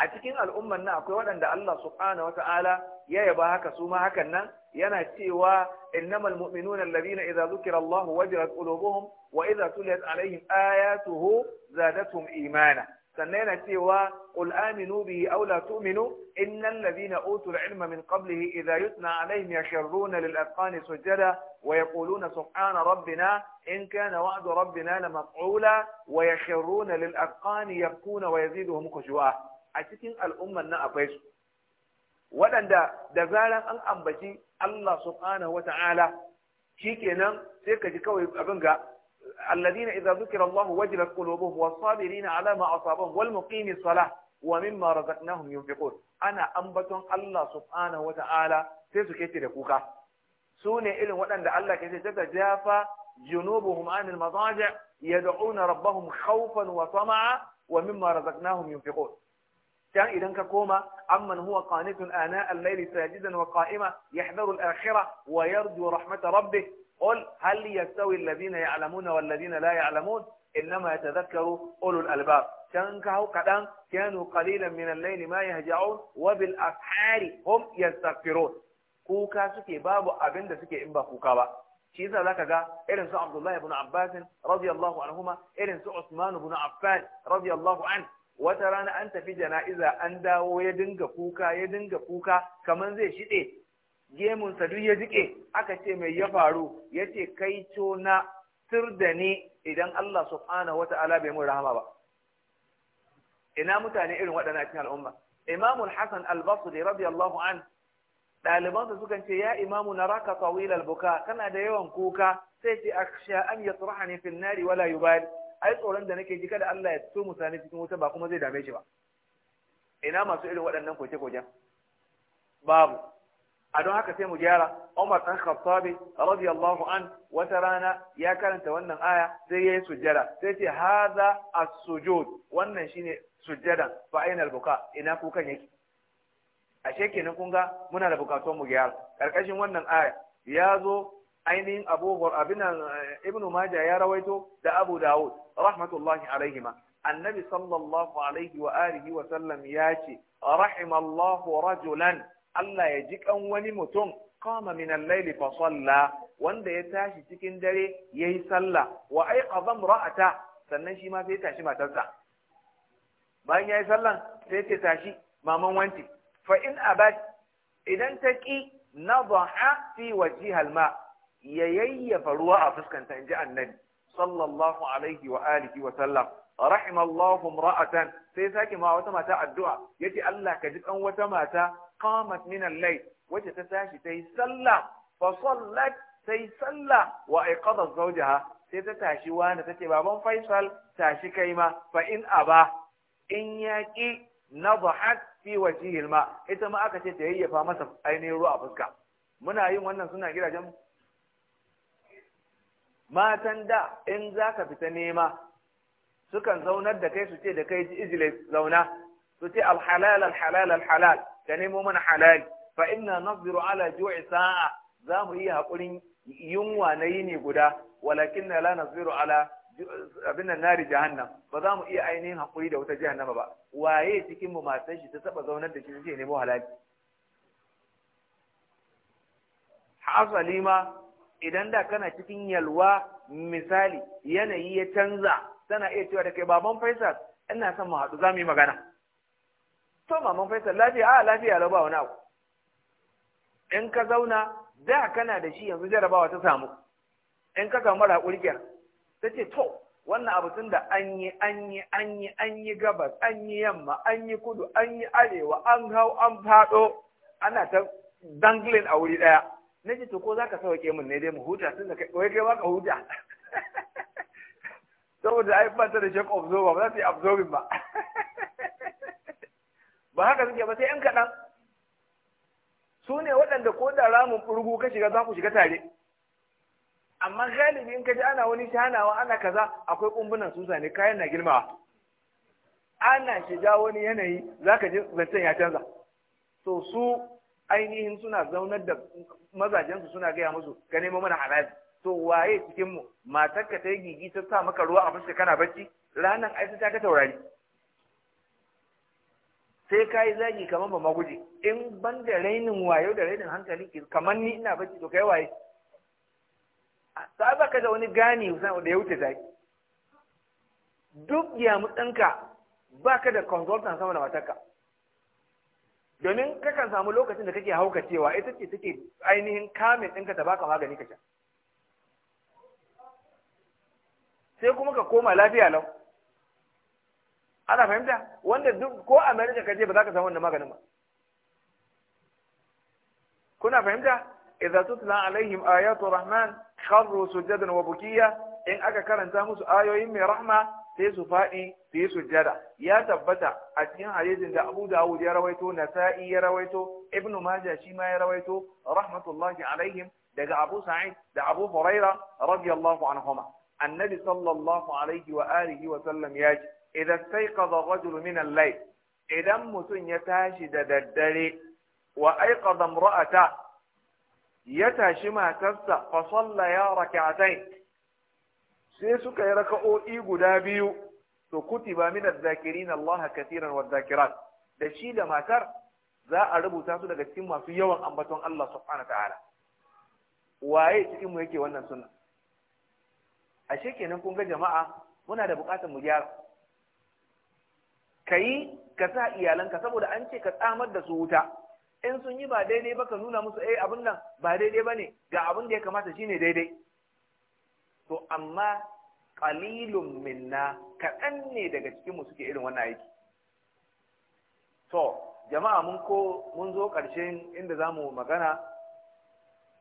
a cikin al'umman nan akwai waɗanda Allah subhanahu wata'ala ya yaba haka su ma hakan nan yana cewa innamal mu'minuna alladhina idza dhukira Allahu wajilat qulubuhum wa idza tuliyat alaihim ayatuhu zadatuhum imana sannan yana cewa qul aminu bihi aw la tu'minu innal ladhina utul ilma min qablihi idza yutna alaihim yashruna lil azqani sujada ويقولون سبحان ربنا إن كان وعد ربنا لمفعولا ويخرون للأذقان يبكون ويزيدهم خشوعا أتكين الأمة نأبيس ودن دا دزالا أن أنبتي الله سبحانه وتعالى شيكينا سيكا جكوي أبنغا الذين إذا ذكر الله وجلت قلوبهم والصابرين على ما أصابهم والمقيم الصلاة ومما رزقناهم ينفقون أنا أنبت الله سبحانه وتعالى سيسكتي لكوكا سوني ne وأن waɗanda كذا تتجافى جنوبهم عن المضاجع يدعون ربهم خوفا وطمعا ومما رزقناهم ينفقون كان إذا ككوما أمن هو قانت آناء الليل ساجدا وقائما يحذر الآخرة ويرجو رحمة ربه قل هل يستوي الذين يعلمون والذين لا يعلمون إنما يتذكر أولو الألباب كان كهو كانوا قليلا من الليل ما يهجعون وبالأسحار هم يستغفرون kuka suke babu abin da suke in ba kuka ba shi yasa zaka ga irin su Abdullah ibn Abbas radiyallahu anhuma irin su Usman ibn Affan radiyallahu an wata rana an tafi jana'iza an dawo ya dinga kuka ya dinga kuka kaman zai shide gemun sa duk ya jike aka ce mai ya faru yace kai to na sir da ni idan Allah subhanahu wata'ala bai mun rahama ba ina mutane irin waɗannan cikin al'umma imamul hasan al-basri radiyallahu anhu ɗalibansa sukan ce ya imamu na raka tawil albuka kana da yawan kuka sai ce sha an ne fil nari wala a ai tsoron da nake ji kada Allah ya fito mutane cikin wuta ba kuma zai dame shi ba ina masu irin waɗannan koke-koken babu a don haka sai mu gyara Umar ɗan Khattabi radiyallahu an wata rana ya karanta wannan aya sai yayi sujjada sai ce hadha as-sujud wannan shine sujjada fa aina al-buka ina kukan yake ashe kenan kun ga muna da bukatun mu gyara karkashin wannan aya ya zo ainihin abu abin eh, ibnu majah ya rawaito da abu dawud rahmatullahi alaihima annabi sallallahu alaihi wa alihi wa sallam ya ce rahimallahu rajulan Allah ya ji kan wani mutum qama min al-layli fa salla wanda ya tashi cikin dare yayi sallah wa ayqadha ra'ata sannan shi ma sai tashi matarsa bayan yayi sallan sai ce tashi maman wanti fa in abad idan ta ƙi nadaha fi wajhiha alma ya yayyafa ruwa a fuskanta inji annabi sallallahu alaihi wa alihi wa sallam rahimallahu ra'atan sai sake ma wata mata addu'a yace Allah ka ji ɗan wata mata qamat min al-layl wace ta tashi tayi sallah fa sallat sai sallah wa aiqadat zawjaha sai ta tashi wani tace baban Faisal tashi kai ma fa in aba in ƙi. nadhat fi wajhihi alma ita ma aka ce ta yayyafa masa ainihin ruwa a fuska muna yin wannan suna gidajen matan da in zaka fita nema sukan zaunar da kai su ce da kai ji ijile zauna su ce alhalal alhalal alhalal ka nemo mana halal fa inna nazbiru ala ju'i sa'a za mu iya haƙurin yunwa na yini guda walakin la nazbiru ala abin nan nari jahannam ba za mu iya ainihin hakuri da wata jahannama ba waye cikin mu matan shi ta saba zaunar da shi ne nemo halaki hasali ma idan da kana cikin yalwa misali yanayi ya canza tana iya cewa da kai baban faisal ina son mu haɗu za mu yi magana to maman faisal lafiya a ah, lafiya lau ba wani abu in ka zauna da kana da shi yanzu jarabawa ta samu in ka samu mara haƙuri kenan ta ce to wannan abu tun da an yi an yi an yi an yi gabas an yi yamma an yi kudu an yi arewa an hau an faɗo ana ta dangling a wuri ɗaya na ce to ko za ka sauke min ne dai mu huta tun da kai kai ma ka huta saboda ai ba ta da shek observer ba za ta yi absorbing ba ba haka suke ba sai yan kaɗan su ne waɗanda ko da ramin ɓurgu ka shiga za ku shiga tare amma galibi in ka ji ana wani shanawa ana kaza akwai kumbunan susa ne kayan na girmawa ana shiga wani yanayi zaka ji zancen ya canza to su ainihin suna zaunar da mazajensu suna gaya musu ka neman mana halali to waye cikin mu matarka ta yi gigi ta sa maka ruwa a fuska kana bacci ranan ai ta ka taurari sai ka yi zagi kamar ba maguje in ban da rainin wayo da rainin hankali kamar ni ina bacci to kai waye ta ka da wani gani da ya wuce zaki duk ba ka da consultant sama da matarka domin kakan samu lokacin da kake haukacewa ita ce take ainihin kamin ɗinka ta baka magani ka sha sai kuma ka koma lafiya lau ana fahimta wanda duk ko america ka je ba za ka samu wannan maganin ba kuna fahimta idza tutla alaihim ayatu rahman kharru sujadan wa bukiya in aka karanta musu ayoyin mai rahma sai su faɗi su yi sujada ya tabbata a cikin hadisin da Abu Dawud ya rawaito Nasa'i ya rawaito Ibn Majah shi ma ya rawaito rahmatullahi alaihim daga Abu Sa'id da Abu Huraira radiyallahu anhuma annabi sallallahu alaihi wa alihi wa sallam ya ji. idan staiqadha rajul min al-layl idan mutum ya tashi da daddare wa aiqadha imra'ata ya tashi matarsa fa sallaya rak'atayn sai suka yi raka'o'i guda biyu to ba min zakiri na Allah katiran wadh zakirat da shi da matar za a rubuta su daga cikin masu yawan ambaton Allah subhanahu ta'ala waye cikin mu yake wannan sunna ashe kenan kun ga jama'a muna da bukatar mu gyara kayi ka sa iyalanka saboda an ce ka tsamar da su wuta in sun yi ba daidai ba ka nuna musu eh abin nan ba daidai ba ne ga abin da ya kamata shine daidai to amma qalilun minna kaɗan ne daga cikinmu suke irin wannan aiki to jama'a mun ko mun zo ƙarshen inda zamu magana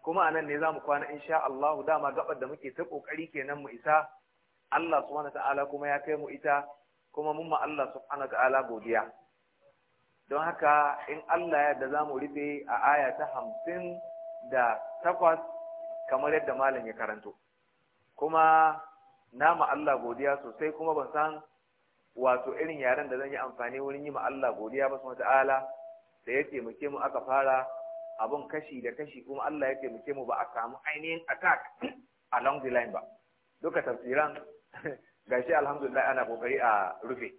kuma a nan ne zamu kwana insha Allah dama gabar da muke ta ƙoƙari kenan mu isa Allah subhanahu ta'ala kuma ya kai mu ita kuma mun ma Allah subhanahu ta'ala godiya don haka in Allah ya da zamu rufe a aya ta hamsin da takwas kamar yadda malam ya karanto kuma na ma Allah godiya sosai kuma ban san wato irin yaren da zan yi amfani wurin yi ma Allah godiya ba su ta'ala da ya taimake mu aka fara abun kashi da kashi kuma Allah ya taimake mu ba a samu ainihin attack along the line ba duka tafsiran gashi alhamdulillah ana kokari a rufe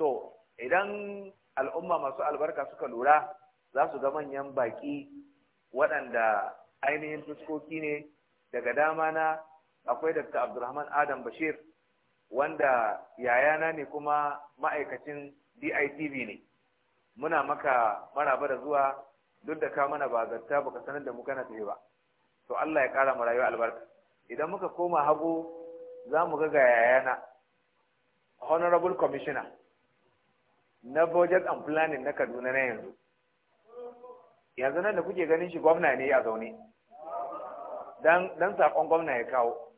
to idan al'umma masu albarka suka lura za su ga manyan baƙi waɗanda ainihin fuskoki ne daga dama na akwai dr abdulrahman adam bashir wanda yayana ne kuma ma'aikacin ditv ne muna maka maraba da zuwa duk da ka mana ba zarta baka sanar da mu kana tafi ba to Allah ya kara mu rayuwa albarka idan muka koma hagu za mu ga ga yayana honorable commissioner na budget and planning na kaduna na yanzu yanzu nan da kuke ganin shi gwamna ne a zaune dan saƙon gwamna ya kawo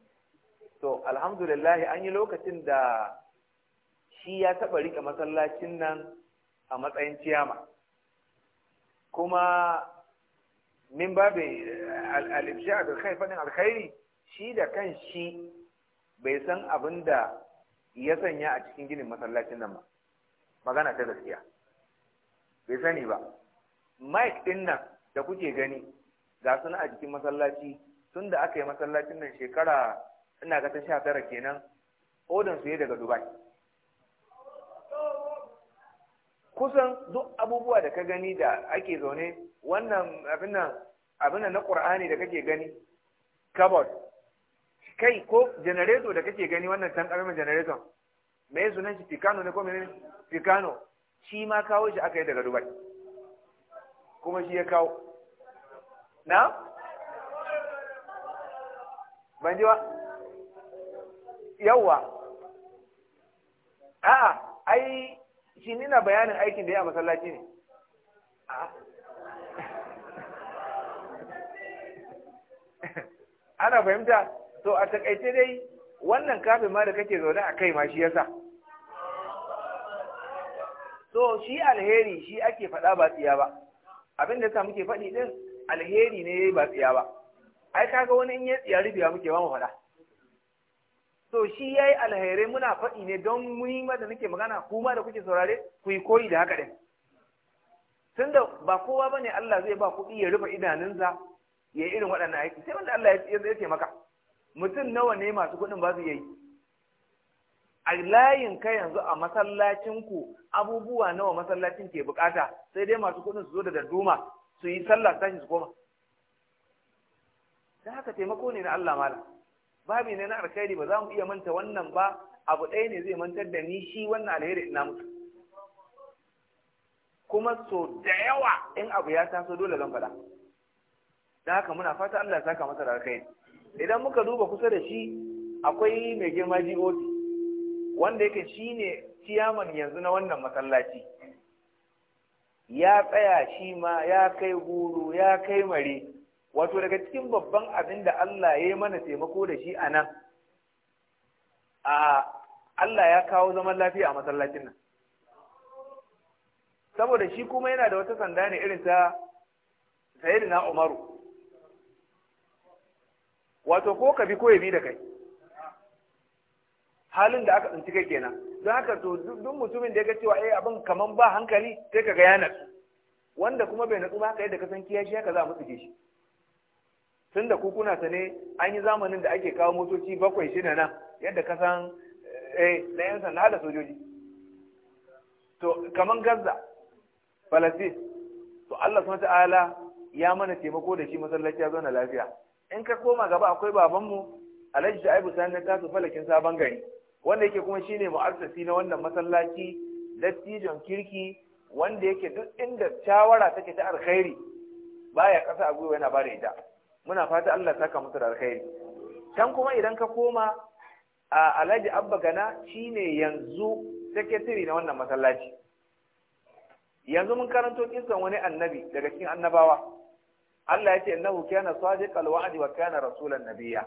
to alhamdulillah an yi lokacin da shi ya taɓa rike masallacin nan a matsayin ciyama kuma min babu eh, al'ibsha da kai faɗin alkhairi shi da kan shi bai san abin da ya sanya a cikin ginin masallacin nan ba magana ta gaskiya bai sani ba mike din nan da kuke gani ga suna a jikin masallaci tun da aka yi masallacin nan shekara ina ga ta sha tara kenan odin su daga dubai kusan duk abubuwa da ka gani da ake zaune wannan abin nan abin na qur'ani da kake gani cupboard kai ko janareto da kake gani wannan tankarmin janareton me nan shi Ficano ne ko menene Ficano shi ma kawo shi aka yi daga Dubai kuma shi ya kawo na ban ji ba yawwa a'a ai shi nina bayanin aikin da ya masallaci ne ana fahimta to a takaice dai wannan kafin ma da kake zaune a kai ma shi yasa so shi alheri shi ake faɗa ba tsiya ba abin da sa muke faɗi din alheri ne ba tsiya ba ai kaga wani in ya tsiya rubiya muke ba mu faɗa so shi yayi alheri muna faɗi ne don muhimma da nake magana kuma da kuke saurare ku yi koyi da haka din tunda ba kowa bane Allah zai ba kuɗi ya rufe idanunsa ya yi irin waɗannan aiki sai wanda Allah ya ce maka mutum nawa ne masu kuɗin ba su yi a layin kai yanzu a masallacin ku abubuwa nawa masallacin ke bukata sai dai masu kuɗin su zo da darduma su yi sallah tashi su koma da haka taimako ne na Allah mala babi ne na alkhairi ba za mu iya manta wannan ba abu ɗaya ne zai mantar da ni shi wannan alheri ina mutu kuma so da yawa in abu ya taso dole zan faɗa da haka muna fata Allah ya saka masa da alkhairi idan muka duba kusa da shi akwai mai girma GOT wanda yake shi ne ciyaman yanzu na wannan masallaci ya tsaya shi ma ya kai guru ya kai mare wato daga cikin babban abin da Allah ya yi mana taimako da shi a nan a Allah ya kawo zaman lafiya a masallacin nan saboda shi kuma yana da wata sanda ne irin ta sayyidina Umaru wato ko ka bi ko ya bi da kai halin da aka tsinci kai kenan don haka to duk mutumin da ya ga cewa eh abin kaman ba hankali sai ka ga ya natsu wanda kuma bai natsu ba haka yadda ka san kiyashi haka za mu tsige shi tun da kukuna ta ne an yi zamanin da ake kawo motoci bakwai shida nan yadda ka san eh na yan sanda da sojoji to kaman gaza falastin to allah subhanahu ta'ala ya mana taimako da shi masallaci ya zauna lafiya in ka koma gaba akwai babanmu alhaji sha'ibu sani na tasu falakin sabon gari wanda yake kuma shine mu'assasi na wannan masallaci dattijon kirki wanda yake duk inda shawara take ta alkhairi baya kasa a gwiwa yana bada ita muna fata Allah ya saka musu da alkhairi can kuma idan ka koma a alhaji abba gana shine yanzu sakatiri na wannan masallaci yanzu mun karanto kinsan wani annabi daga cikin annabawa Allah ya ce innahu kana sadiqal wa'di wa kana rasulan nabiyya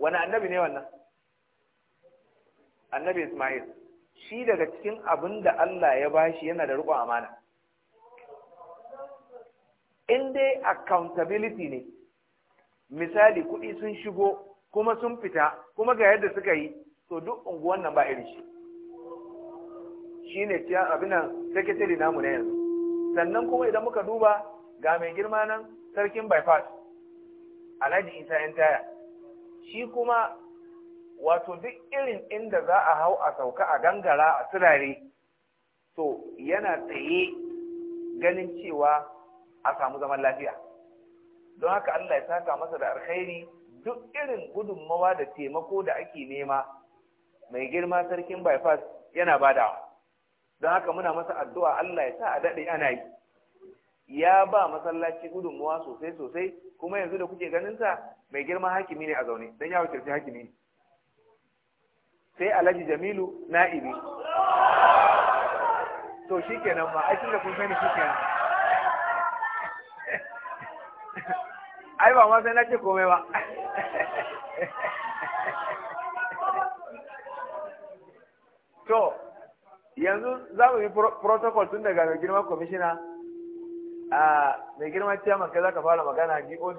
wani annabi ne wannan annabi Ismail shi daga cikin abinda Allah ya bashi yana da riƙon amana in dai accountability ne misali kuɗi sun shigo kuma sun fita kuma ga yadda suka yi to duk unguwan nan ba iri shi shine abin nan secretary namu na yanzu sannan kuma idan muka duba ga mai girma nan sarkin bypass alhaji isa yan taya shi kuma wato duk irin inda za a hau a sauka a gangara a turare to yana tsaye ganin cewa a samu zaman lafiya don haka Allah ya saka masa da alkhairi duk irin gudunmawa da taimako da ake nema mai girma sarkin bypass yana badawa don haka muna masa addu'a Allah ya sa a daɗe ana yi ya ba masallaci gudunmuwa sosai sosai kuma yanzu da kuke ganin sa mai girma hakimi ne a zaune dan ya wakilci hakimi ne sai alhaji jamilu na'ibi to shikenan ma ai tunda kun sani shikenan ai ba ma sai na ce komai ba to yanzu za mu yi protocol tun daga girman commissioner a mai girma ciyaman kai za ka fara magana gob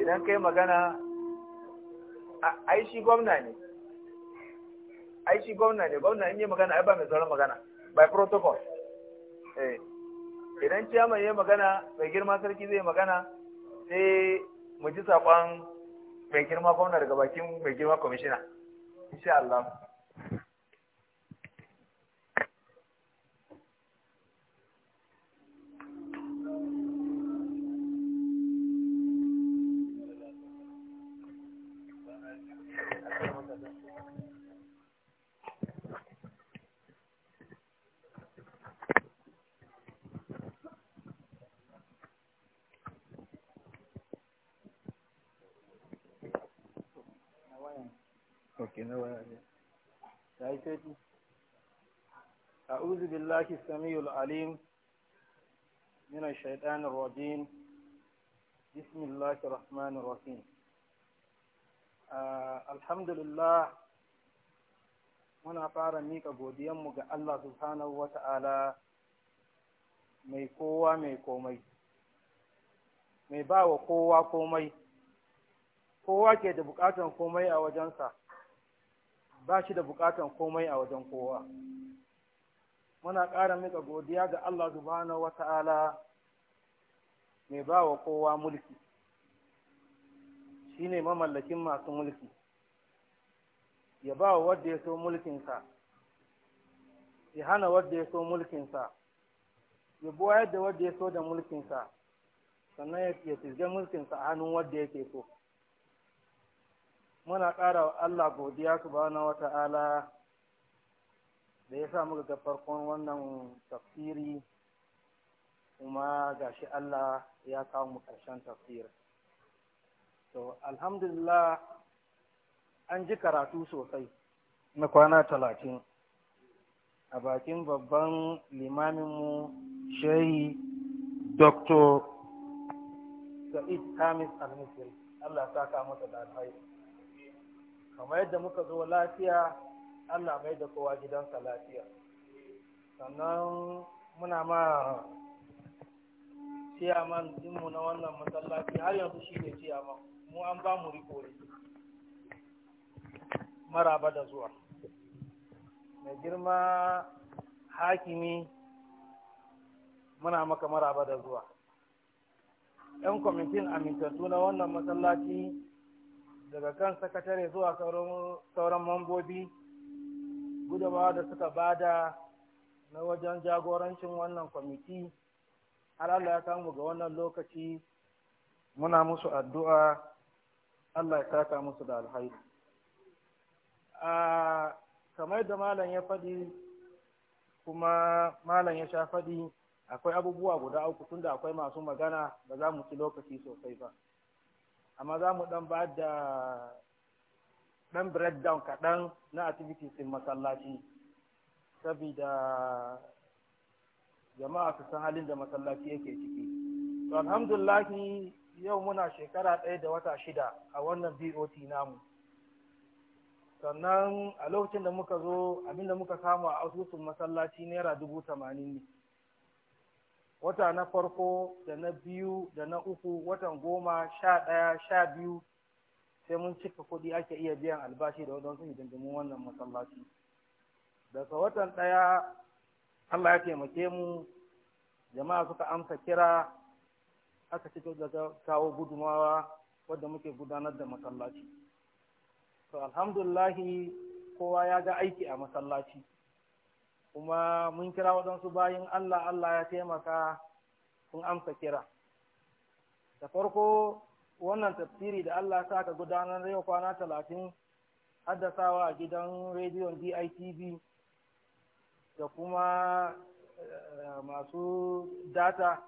idan kai magana ai shi gwamna ne ai shi gwamna ne gwamna in yi magana ai ba mai sauran magana by protocol eh idan mai yi magana mai girma sarki zai magana sai mu ji saƙon mai girma gwamna daga bakin mai girma kwamishina insha Allah بالله السميع العليم من الشيطان الرجيم بسم الله الرحمن الرحيم آه الحمد لله muna fara mika godiyanmu ga Allah subhanahu wa ta'ala mai kowa mai komai, mai ba wa kowa komai, kowa ke da buƙatan komai a wajensa, ba shi da buƙatan komai a wajen kowa. muna ƙara mika godiya ga Allah subhanahu wa ta'ala mai ba wa kowa mulki shi ne mamallakin masu mulki ya ba wa wadda ya so mulkinsa ya hana wadda ya so mulkinsa ya buwayar da wadda ya so da mulkinsa sannan ya fizge mulkinsa a hannun wadda yake so muna ƙara wa Allah godiya subhanahu wa ta'ala da ya sa muka ga farkon wannan tafsiri kuma gashi Allah ya kawo mu ƙarshen tafsirin. To, alhamdulillah an ji karatu sosai na kwana talatin a bakin babban limaminmu shehi Dr. Sa'id Kamis Al-Misri, Allah ta kawo masa da kamar yadda muka zo lafiya Allah mai da kowa gidansa lafiya sannan muna ma ciyaman dinmu na wannan masallaci har yanzu shi ne ciyaman mu an ba mu riko ne maraba da zuwa mai girma hakimi muna maka maraba da zuwa ‘yan kwamitin amintattu na wannan masallaci daga kan sakatare zuwa sauran mambobi gudunmawa da suka bada na wajen jagorancin wannan kwamiti har Allah ya samu ga wannan lokaci muna musu addu'a Allah ya saka musu da alhairi. A kamar da malam ya faɗi kuma malam ya sha faɗi akwai abubuwa guda uku tunda akwai masu magana ba za mu ci lokaci sosai ba. Amma za mu ɗan ba da ɗan breakdown kaɗan na activities ɗin masallaci sabida jama'a su san halin da masallaci yake ciki to alhamdulillah yau muna shekara ɗaya da wata shida a wannan bot namu sannan a lokacin da muka zo abinda muka samu a asusun masallaci naira dubu tamanin ne wata na farko da na biyu da na uku watan goma sha ɗaya sha biyu sai mun cika kuɗi ake iya biyan albashi da wadansu hidindimun wannan masallaci daga watan ɗaya Allah ya taimake mu jama'a suka amsa kira aka fito daga kawo gudumawa wadda muke gudanar da masallaci to alhamdulahi kowa ya ga aiki a masallaci kuma mun kira waɗansu bayan Allah Allah ya taimaka sun amsa kira da farko wannan tafsiri da Allah sa ka gudanar yau kwana talatin haddasawa a gidan rediyon DITV da kuma eh, masu data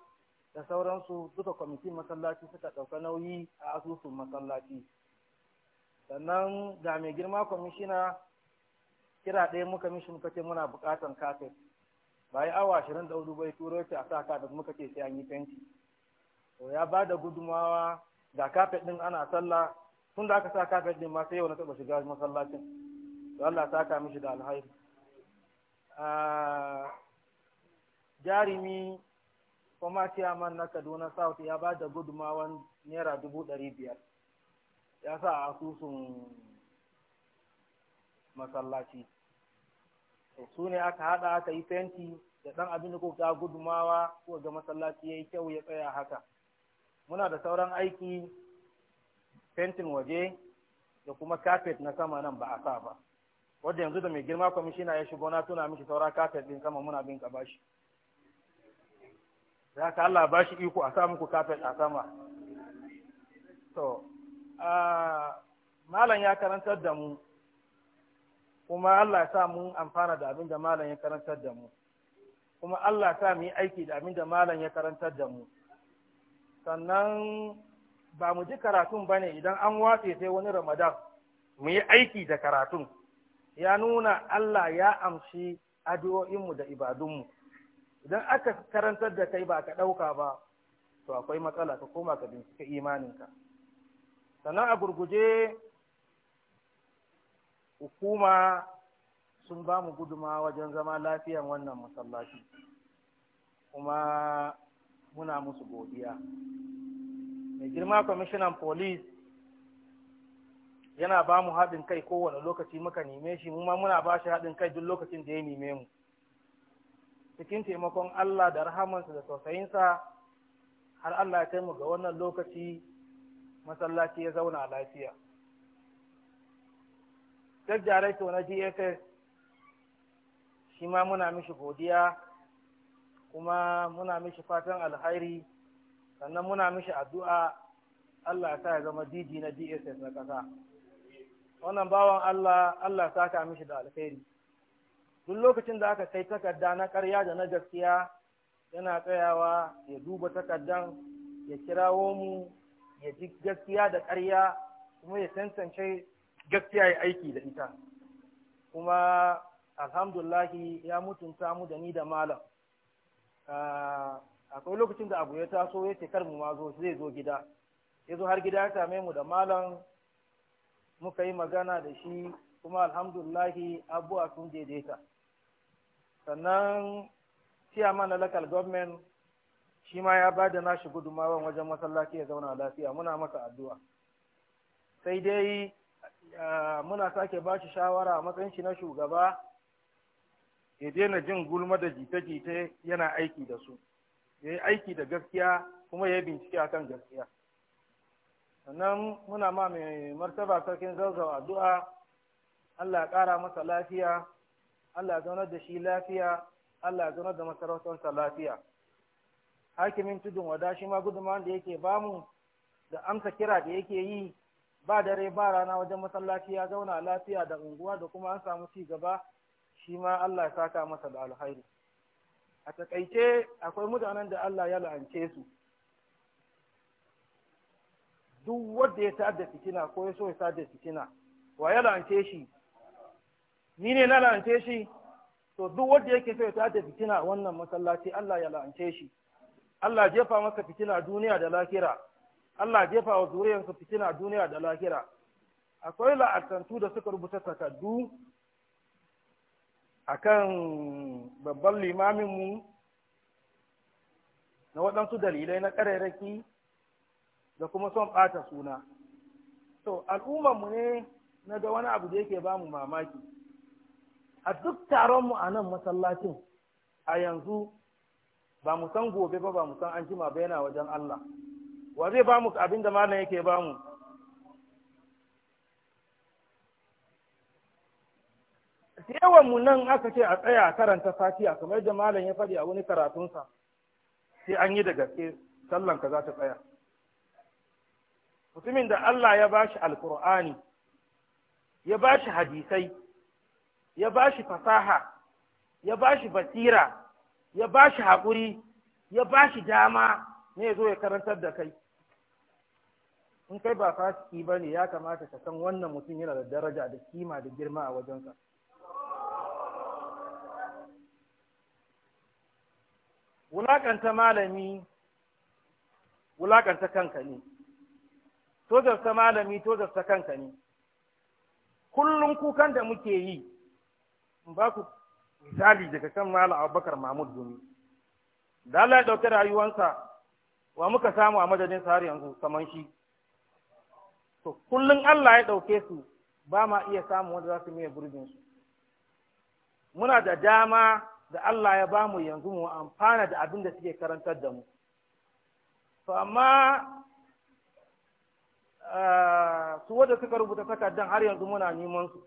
da sauransu duka kwamitin masallaci suka ɗauka nauyi a asusun masallaci sannan ga mai girma kwamishina kira ɗaya muka mishi muka ce muna buƙatan kafet bayan awa ashirin da hudu bai turo ce a sa da muka ce sai an yi fenti to ya ba da gudumawa Da kafet din ana sallah tun da aka sa kafet din ma sai yau na taɓa shiga masallacin to Allah saka mishi da alhairi ah, jarumi kuma man na Kaduna South ya ba da gudumawan naira dubu ɗari biyar ya sa a asusun masallaci su ne aka haɗa aka yi fenti da ɗan abin da kuka gudumawa ko ga masallaci ya yi kyau ya tsaya haka muna da sauran aiki fentin waje da kuma kafet na sama nan ba a sa ba wadda yanzu da mai girma kwamishina ya shigo na tuna mishi saura kafet din sama muna bin ka bashi Za ka Allah ba shi iko a sa muku kafet a sama to malam ya karantar da mu kuma Allah ya sa mun amfana da abin da malam ya karantar da mu kuma Allah ya sa mu yi aiki da abin da malam ya karantar da mu sannan ba mu ji karatun ba ne idan an watse sai wani ramadan mu yi aiki da karatun ya nuna Allah ya amshi addu'o'inmu da ibadunmu idan aka karantar da kai ba ka ɗauka ba to akwai matsala ka koma ka bincika imaninka sannan a gurguje hukuma sun ba mu guduma wajen zama lafiyan wannan masallaci kuma muna musu godiya mai girma kwamishinan police yana ba mu haɗin kai kowane lokaci muka neme shi mu ma muna ba shi haɗin kai duk lokacin da ya neme mu cikin taimakon Allah da rahamansa da tausayinsa har Allah ya kai mu ga wannan lokaci masallaci ya zauna lafiya Duk Director na G.F.S shi ma muna mishi godiya kuma muna mishi fatan alhairi sannan muna mishi addu'a Allah ta ya zama DG na DSS na ƙasa. Wannan bawan Allah, Allah ta ka mishi da alkhairi. Duk lokacin da aka kai takarda na ƙarya da na gaskiya yana tsayawa ya duba takardan ya kirawo mu ya ji gaskiya da ƙarya kuma ya tantance gaskiya ya aiki da ita. Kuma alhamdulahi ya mutunta mu da ni da malam. akwai lokacin da abu ya taso ya ce kar mu ma zo zai zo gida ya zo har gida ya same mu da malam muka yi magana da shi kuma alhamdulahi abuwa sun daidaita sannan ciyama mana local government shi ma ya ba da nashi gudunmawan wajen masallaci ya zauna lafiya muna masa addu'a sai dai muna sake ba shi shawara a matsayin shi na shugaba ya daina jin gulma da jita-jita yana aiki da su ya aiki da gaskiya kuma ya yi bincike akan gaskiya sannan muna ma mai martaba sarkin zazzau addu'a Allah kara ƙara masa lafiya Allah zaunar da shi lafiya Allah zaunar da masarautarsa lafiya hakimin tudun wada shi ma guduma da yake bamu da amsa kira da yake yi ba dare ba rana wajen masallaci ya zauna lafiya da unguwa da kuma an samu ci gaba shi ma Allah ya saka masa da alkhairi a takaice akwai mutanen da Allah ya la'ance su duk wanda ya tada fitina ko ya so ya tada fitina wa ya la'ance shi ni ne na la'ance shi to duk wanda yake so ya tada fitina a wannan masallaci Allah ya la'ance shi Allah jefa maka fitina a duniya da lahira Allah jefa wa zuriyarsa fitina a duniya da lahira akwai la'akantu da suka rubuta takardu akan babban limaminmu na waɗansu dalilai na ƙararraki da kuma son ɓata suna. To, al’ummanmu ne na ga wani abu da yake ba mu mamaki. A duk taronmu a nan masallacin, a yanzu ba mu san gobe ba ba mu san an jima ba yana wajen Allah. Wa zai ba mu abin da malam yake ba mu? yawan mu nan aka ce a tsaya a karanta fatiha kamar yadda malam ya faɗi a wani karatunsa sai an yi da gaske sallan ka za ta tsaya mutumin da Allah ya bashi alkur'ani ya bashi hadisai ya bashi fasaha ya bashi basira ya bashi haƙuri ya bashi dama ne zo ya karantar da kai in kai ba fasiki ba ne ya kamata ka san wannan mutum yana da daraja da kima da girma a wajensa wulaƙanta malami wulakanta kanka ne tozarta malami tozarta kanka ne kullum kukan da muke yi in ba ku misali daga kan malam abubakar mahmud gumi da Allah ya ɗauki rayuwansa wa muka samu a madadin har yanzu saman shi to kullum Allah ya ɗauke su ba ma iya samun wanda za su mai gurbin su muna da dama da Allah ya bamu yanzu mu amfana da abin da suke karantar da mu to amma ah, su wadda suka rubuta takardar har yanzu muna neman su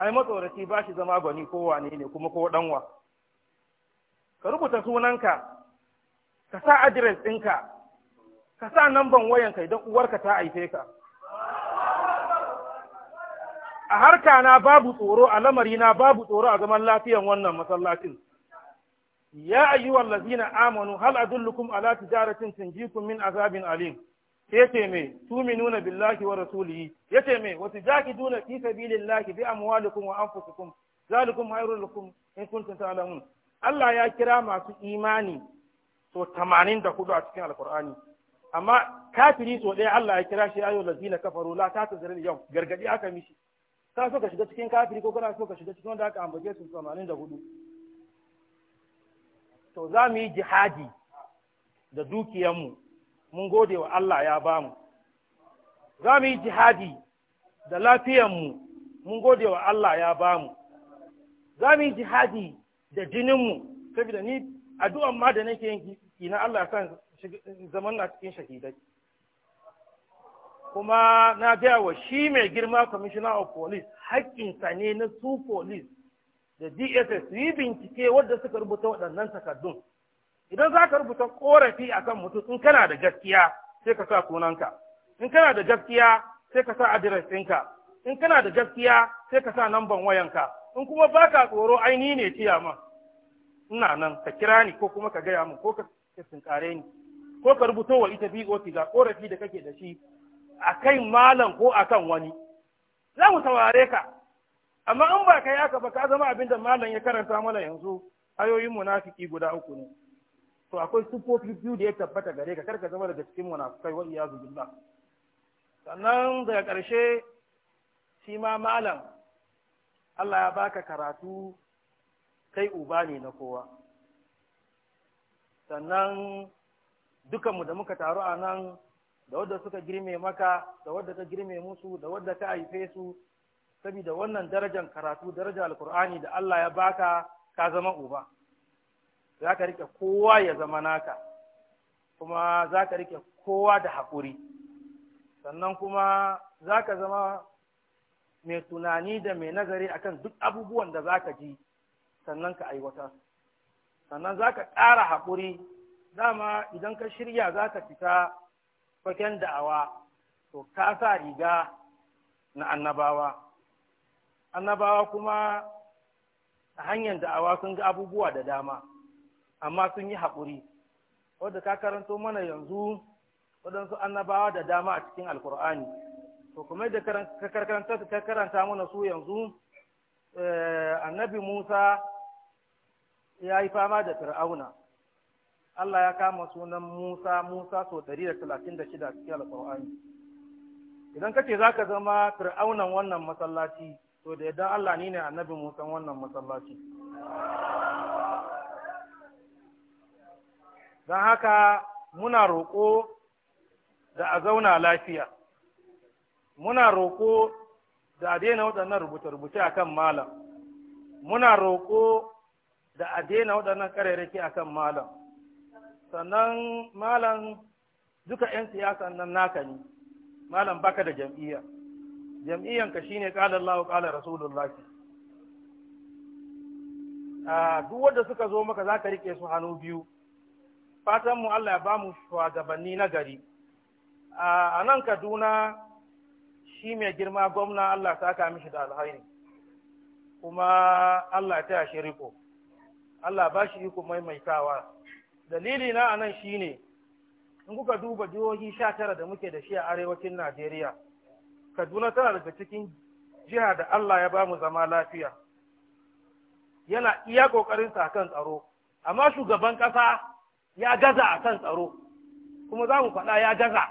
ai matsoraci ba shi zama gani ko wane ne kuma ko danwa ka rubuta sunanka ka sa adires ɗinka ka sa namban wayanka idan uwarka ta haife ka a harka na babu tsoro a lamari na babu tsoro a zaman lafiyan wannan masallacin ya ayyuhal ladzina amanu hal adullukum ala tijaratin tunjikum min azabin alim yace me tuminuna billahi wa rasulihi yace me wa tujahiduna fi sabilillahi bi amwalikum wa anfusikum zalikum khairul lakum in kuntum ta'lamun Allah ya kira masu imani so 84 a cikin alqur'ani amma kafiri so ɗaya Allah ya kira shi ayo lazina kafaru la ta yau gargadi aka mishi ka so ka shiga cikin kafiri ko kana so ka shiga cikin wanda aka ambace su hudu to za mu yi jihadi da dukiyanmu mun gode wa Allah ya ba mu za mu yi jihadi da lafiyanmu mun gode wa Allah ya ba mu za mu yi jihadi da jininmu saboda ni duan ma da nake yin ki na Allah ya san zaman na cikin shahidai kuma na gaya wa shi mai girma commissioner of police haƙƙinsa ne na su police da dss su yi bincike wadda suka rubuta waɗannan takardun idan za ka rubuta ƙorafi a kan mutum in kana da gaskiya sai ka sa sunanka in kana da gaskiya sai ka sa adiras ɗinka in kana da gaskiya sai ka sa namban wayanka in kuma ba ka tsoro aini ne ma ina nan ka kira ni ko kuma ka gaya min ko ka tunkare ni ko ka rubuta wa ita BOT ga ƙorafi da kake da shi a kai malam ko a kan wani za mu saurare ka amma in ba ka yi aka ba ka zama abin da malam ya karanta mana yanzu ayoyin munafiki guda uku ne to akwai sufofi biyu da ya tabbata gare ka karka zama daga cikin munafikai ya iyazu billah sannan daga ƙarshe shi ma malam Allah ya baka karatu kai uba ne na kowa sannan dukanmu da muka taru a nan da wadda suka girme maka da wadda ka girme musu da wadda ka haife su saboda wannan darajar karatu darajar alkur'ani da Allah ya baka ka zama uba za ka rike kowa ya zama naka kuma za ka rike kowa da haƙuri sannan kuma za ka zama mai tunani da mai nazari akan duk abubuwan da za ka ji sannan ka aiwata sannan za ka ƙara haƙuri dama idan ka shirya za ka fita fagen da'awa to ka sa riga na annabawa annabawa kuma a hanyar da'awa sun ga abubuwa da dama amma sun yi haƙuri wadda ka karanto mana yanzu waɗansu annabawa da dama a cikin alkur'ani to kuma da ka karanta mana su yanzu eh, annabi musa ya yi fama da fir'auna Allah ya kama sunan Musa Musa so 136 cikin Al-Qur'ani. idan kace zaka zama fir'aunan wannan masallaci to da yadda Allah ni ne annabi Musa wannan masallaci don haka muna roƙo da a zauna lafiya muna roƙo da a daina waɗannan rubuce-rubuce a kan malam muna roƙo da a daina waɗannan ƙararraki a kan malam sannan malam duka 'yan siyasa nan naka ne malam baka da jam'iyya jam'iyyanka shine qala Allahu qala rasulullahi. a duk wanda suka zo maka zaka rike su hannu biyu fatan mu Allah ya ba mu shugabanni na gari a nan Kaduna shi mai girma gwamna Allah saka mishi da alhairi kuma Allah ta shi riko Allah ba shi iko maimaitawa dalili na anan shine in kuka duba jihohi sha tara da muke da shi a arewacin Najeriya Kaduna tana daga cikin jiha da Allah ya ba mu zama lafiya yana iya kokarin sa kan tsaro amma shugaban kasa ya gaza a kan tsaro kuma za mu faɗa ya gaza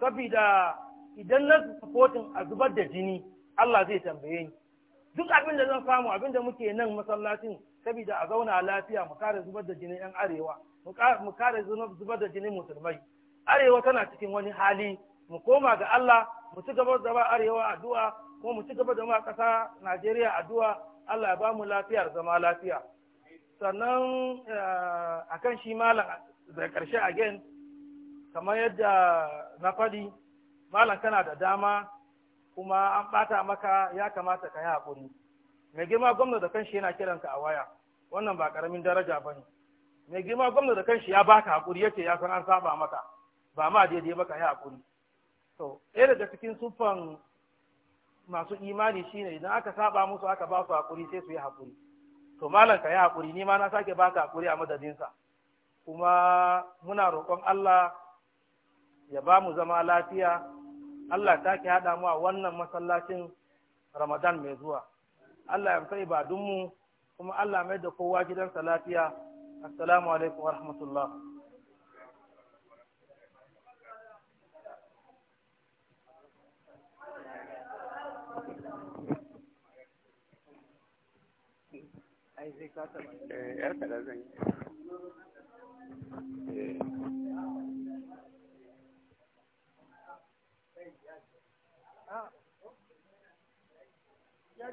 saboda idan na supporting a zubar da jini Allah zai tambaye ni duk abin da zan samu abin da muke nan masallacin saboda a zauna lafiya mu kare zubar da jinin yan arewa mu kare zubar da jinin musulmai arewa tana cikin wani hali mu koma ga Allah mu ci gaba da ba arewa addu'a ko mu ci gaba da ma ƙasa Najeriya addu'a Allah ya ba mu lafiyar zama lafiya sannan eh, akan shi malam da ƙarshe again kamar yadda na faɗi malam kana da dama kuma an ɓata maka ya kamata ka yi haƙuri mai girma gwamna da kanshi yana ka a waya wannan ba karamin daraja ba ne mai girma gwamna da kanshi ya baka hakuri yace ya san an saba maka ba ma daidai maka ya hakuri to ɗaya daga cikin sufan masu imani shine idan aka saba musu aka ba su hakuri sai su yi hakuri to malam ka yi hakuri ni ma na sake baka hakuri a sa kuma muna roƙon Allah ya ba mu zama lafiya Allah ta ke haɗa mu a wannan masallacin Ramadan mai zuwa Allah ya fita mu kuma Allah mai da kowa gidansa lafiya assalamu alaikum wa rahmatullah to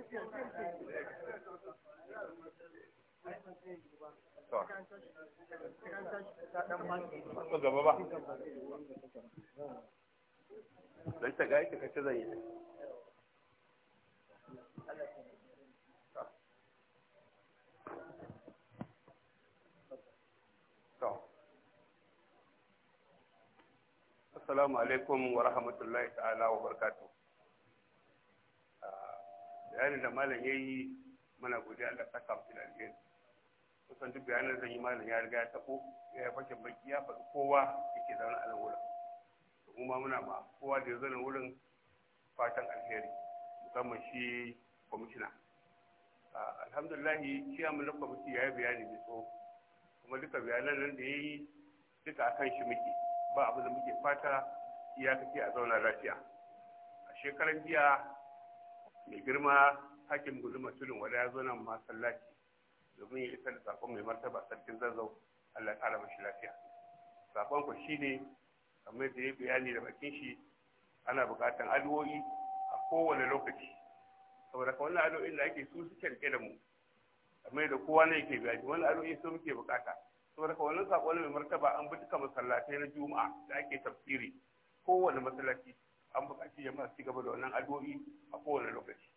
alaikum wa rahmatullahi ta'ala wa barakatuh. bayani da malam ya yi mana godiya Allah ta samu da alheri kusan duk bayanin zan yi malam ya riga ya tabo ya yi fashin baki ya faɗi kowa ke zaune a nan wurin kuma muna ma kowa da ya zo wurin fatan alheri musamman shi kwamishina alhamdulillahi shi ya na kwamiti ya yi bayani da so kuma duka bayanan nan da ya yi duka akan shi muke ba abu da muke fata iyakaci a zauna lafiya a shekaran jiya mai girma hakim guduma tudun wada ya zo nan masallaci domin ya isa da sakon mai martaba sarkin zazzau Allah ta kara mashi lafiya sakon ku ne, kamar da ya bayani da bakin shi ana buƙatan addu'o'i a kowane lokaci saboda ka wannan addu'o'in da ake su suke rike da mu kamar da kowa ne yake bayani wannan addu'o'i su muke bukata saboda ka wannan sakon mai martaba an bi duka masallatai na juma'a da ake tafsiri kowane masallaci an buƙaci jama'a su gaba da wannan addu'o'i a kowane lokaci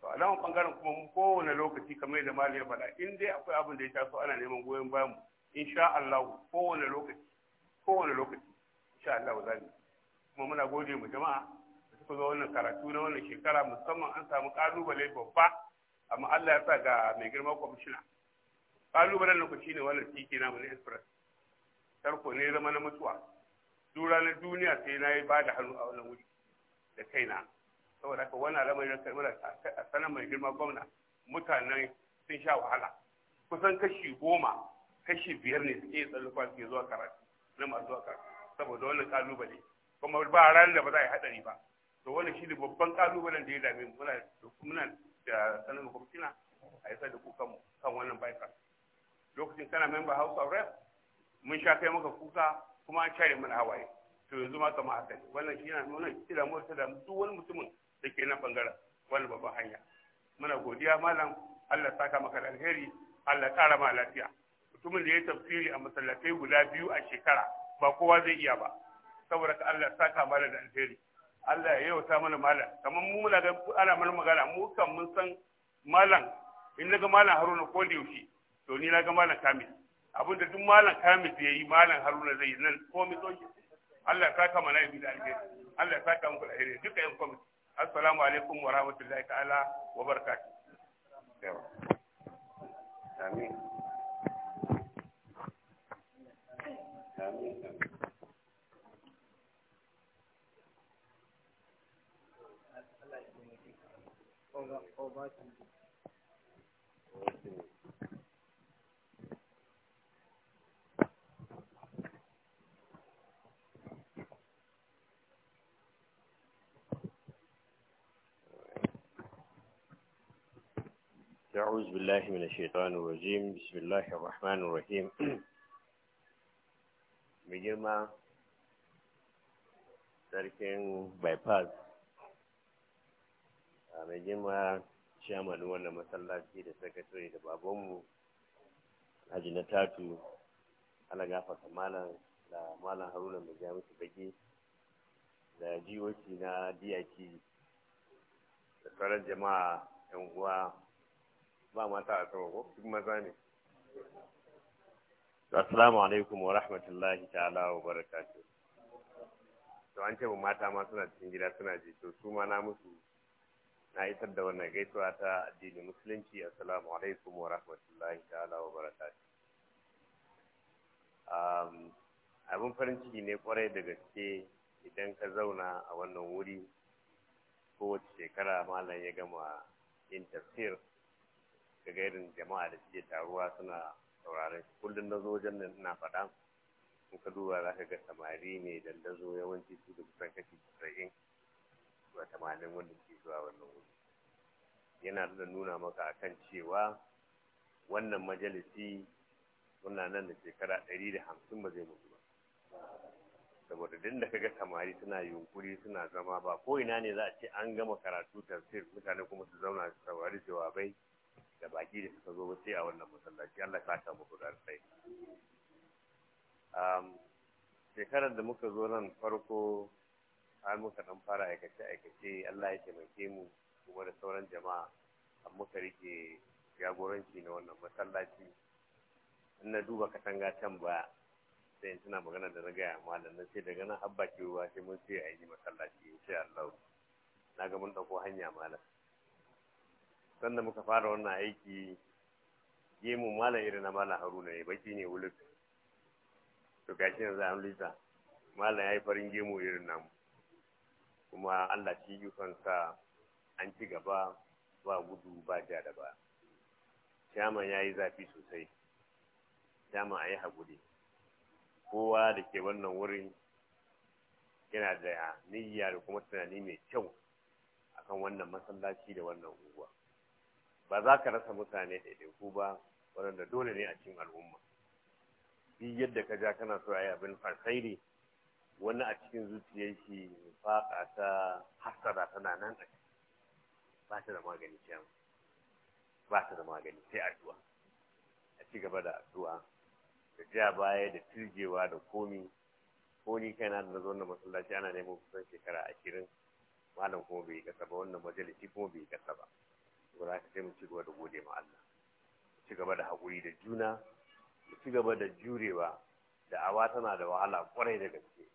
to a nan bangaren kuma mu kowane lokaci kamar da mali ya faɗa in dai akwai abin da ya taso ana neman goyon bayan mu insha Allah kowane lokaci kowane lokaci insha Allah za mu kuma muna gode mu jama'a da suka zo wannan karatu na wannan shekara musamman an samu kalubale babba amma Allah ya sa ga mai girma kwamishina kalubalen lokaci ne wannan tiki na mu na express tarko ne zama na mutuwa lura na duniya sai na yi ba da hannu a wannan wuri da kaina saboda haka wannan na karɓar a sanar mai girma gwamna mutanen sun sha wahala kusan kashi goma kashi biyar ne suke tsallufa suke zuwa karatu na masu zuwa karatu saboda wannan kalubale kuma ba ranar da ba za a yi haɗari ba to wannan shi ne babban kalubalen da ya dame mu muna da muna da sanar da kwamitina a yasa da ku mu kan wannan bypass lokacin kana member house of rep mun sha kai maka kuka kuma an share mana hawaye to yanzu ma kamar haka wannan shi yana nuna kira mota da duk wani mutumin da ke nan bangaren wannan babban hanya muna godiya malam Allah saka maka da alheri Allah kara ma lafiya mutumin da ya tafsiri a masallatai guda biyu a shekara ba kowa zai iya ba saboda ka Allah saka mana da alheri Allah ya yauta mana malam kamar mu muna ga ana mana magana mu kan mun san malam in naga malam Haruna ko da yaushe to ni naga malam Kamil abin da duk malam kamis ya yi malam haruna zai yi nan ko mi zoki Allah ya saka mana yi da alheri Allah ya saka muku alheri duka yan kwamiti assalamu alaikum wa rahmatullahi ta'ala wa barakatuh yawa amin amin أعوذ بالله من الشيطان الرجيم بسم a mai girma shaman masallaci da sakatare da babanmu haji na tatu ana gafata malam da malam haruna mai jami'u baki da jiwoci na diyaki da sauran jama'a yan uwa ba mata a sama ko duk maza ne assalamu alaikum wa rahmatullahi ta'ala wa barakatuh to an ce mata ma suna cikin gida suna ji to su ma na musu na isar da wannan gaisuwa ta addinin musulunci assalamu alaikum wa rahmatullahi ta'ala wa barakatuh um, abin farin ciki ne kwarai da gaske idan ka zauna a wannan wuri kowace shekara malam ya gama in tafsir kaga irin jama'a da suke taruwa suna sauraron shi kullum na zo wajen nan ina faɗa in ka duba za ka ga samari ne dandazo yawanci su da kusan kashi casa'in zuwa tamanin wanda ke zuwa wannan wuri yana da nuna maka a kan cewa wannan majalisi muna nan da shekara ɗari da hamsin ba zai mutu ba saboda duk da kaga samari suna yunkuri suna zama ba ko ina ne za a ce an gama karatu tafsir mutane kuma su zauna su saurari jawabai da baki da suka zo wuce a wannan masallaci Allah ya saka muku da alkhairi um shekarar da muka zo nan farko har muka dan fara aikace aikace Allah ya taimake mu kuma da sauran jama'a an muka rike jagoranci na wannan masallaci in na duba katanga can baya sai in tana magana da na gaya malam nan sai daga nan habba ke ruwa sai mun sai a yi masallaci insha Allah na ga mun dauko hanya malam Sannan muka fara wannan aiki gemun malam irin na malam haruna ne baki ne wulif to gashi yanzu an lita malam ya yi farin gemu irin namu kuma allah ci yi kansa an ci gaba ba gudu ba ja da ba shaman ya yi zafi sosai shaman a yi haƙuri kowa da ke wannan wurin yana da niyya da kuma tunani mai kyau akan wannan masallaci da wannan unguwa ba za ka rasa mutane ɗaiɗaiku ba waɗanda dole ne a cikin al'umma Bi yadda ka ja kana so a yi abin farsairi wani a cikin zuciyar shi faƙa ta hasara tana nan a ba ta da magani kyan ba ta da magani sai addu'a a ci gaba da addu'a da ja baya da tirgewa da komi ko ni kaina da nazo wannan masallaci ana neman kusan shekara ashirin malam kuma bai kasa ba wannan majalisi kuma bai kasa ba ba za ka kai mu ci gaba da gode ma Allah mu ci gaba da haƙuri da juna mu ci da jurewa da awa tana da wahala kwarai da gaske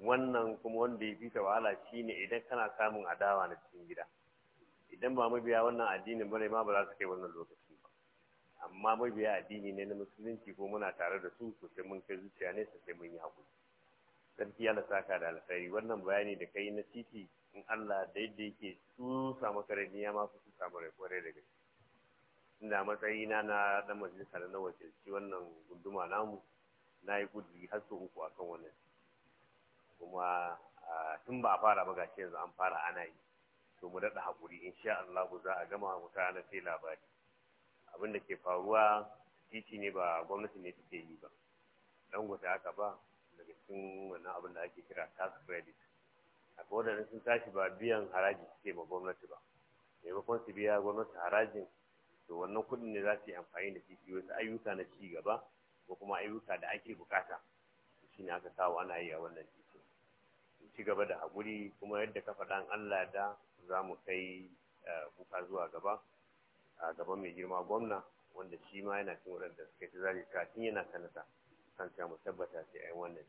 wannan kuma wanda ya fita wahala shi ne idan kana samun adawa na cikin gida idan ba mabiya wannan addinin bane ma ba za su kai wannan lokaci ba amma mabiya addini ne na musulunci ko muna tare da su sosai mun kai zuciya ne sosai mun yi haƙuri sarki ya saka da alkhairi wannan bayani da kai na titi in Allah da yadda yake samu kare rai ya ma fi tusa samu kwarai da gaske inda matsayina na dan majalisa na wakilci wannan gunduma namu na yi gudu har sau uku akan wannan kuma tun ba a fara ba gashi yanzu an fara ana yi to mu daɗa haƙuri in sha Allah za a gama mutane sai labari abin da ke faruwa titi ne ba gwamnati ne take yi ba dangote aka ba daga cikin wannan abin da ake kira tax credit akwai waɗanda sun tashi ba biyan haraji suke ma gwamnati ba maimakon su biya gwamnati harajin to wannan kuɗin ne za su yi amfani da shi su wasu ayyuka na ci gaba ko kuma ayyuka da ake bukata shi ne aka kawo ana yi a wannan titi ci gaba da haƙuri kuma yadda ka faɗa Allah da za mu kai eh, kuka zuwa gaba a gaban mai girma gwamna wanda shi ma yana cin waɗanda suka yi zari kafin yana sanata kan mu tabbata sai yi wannan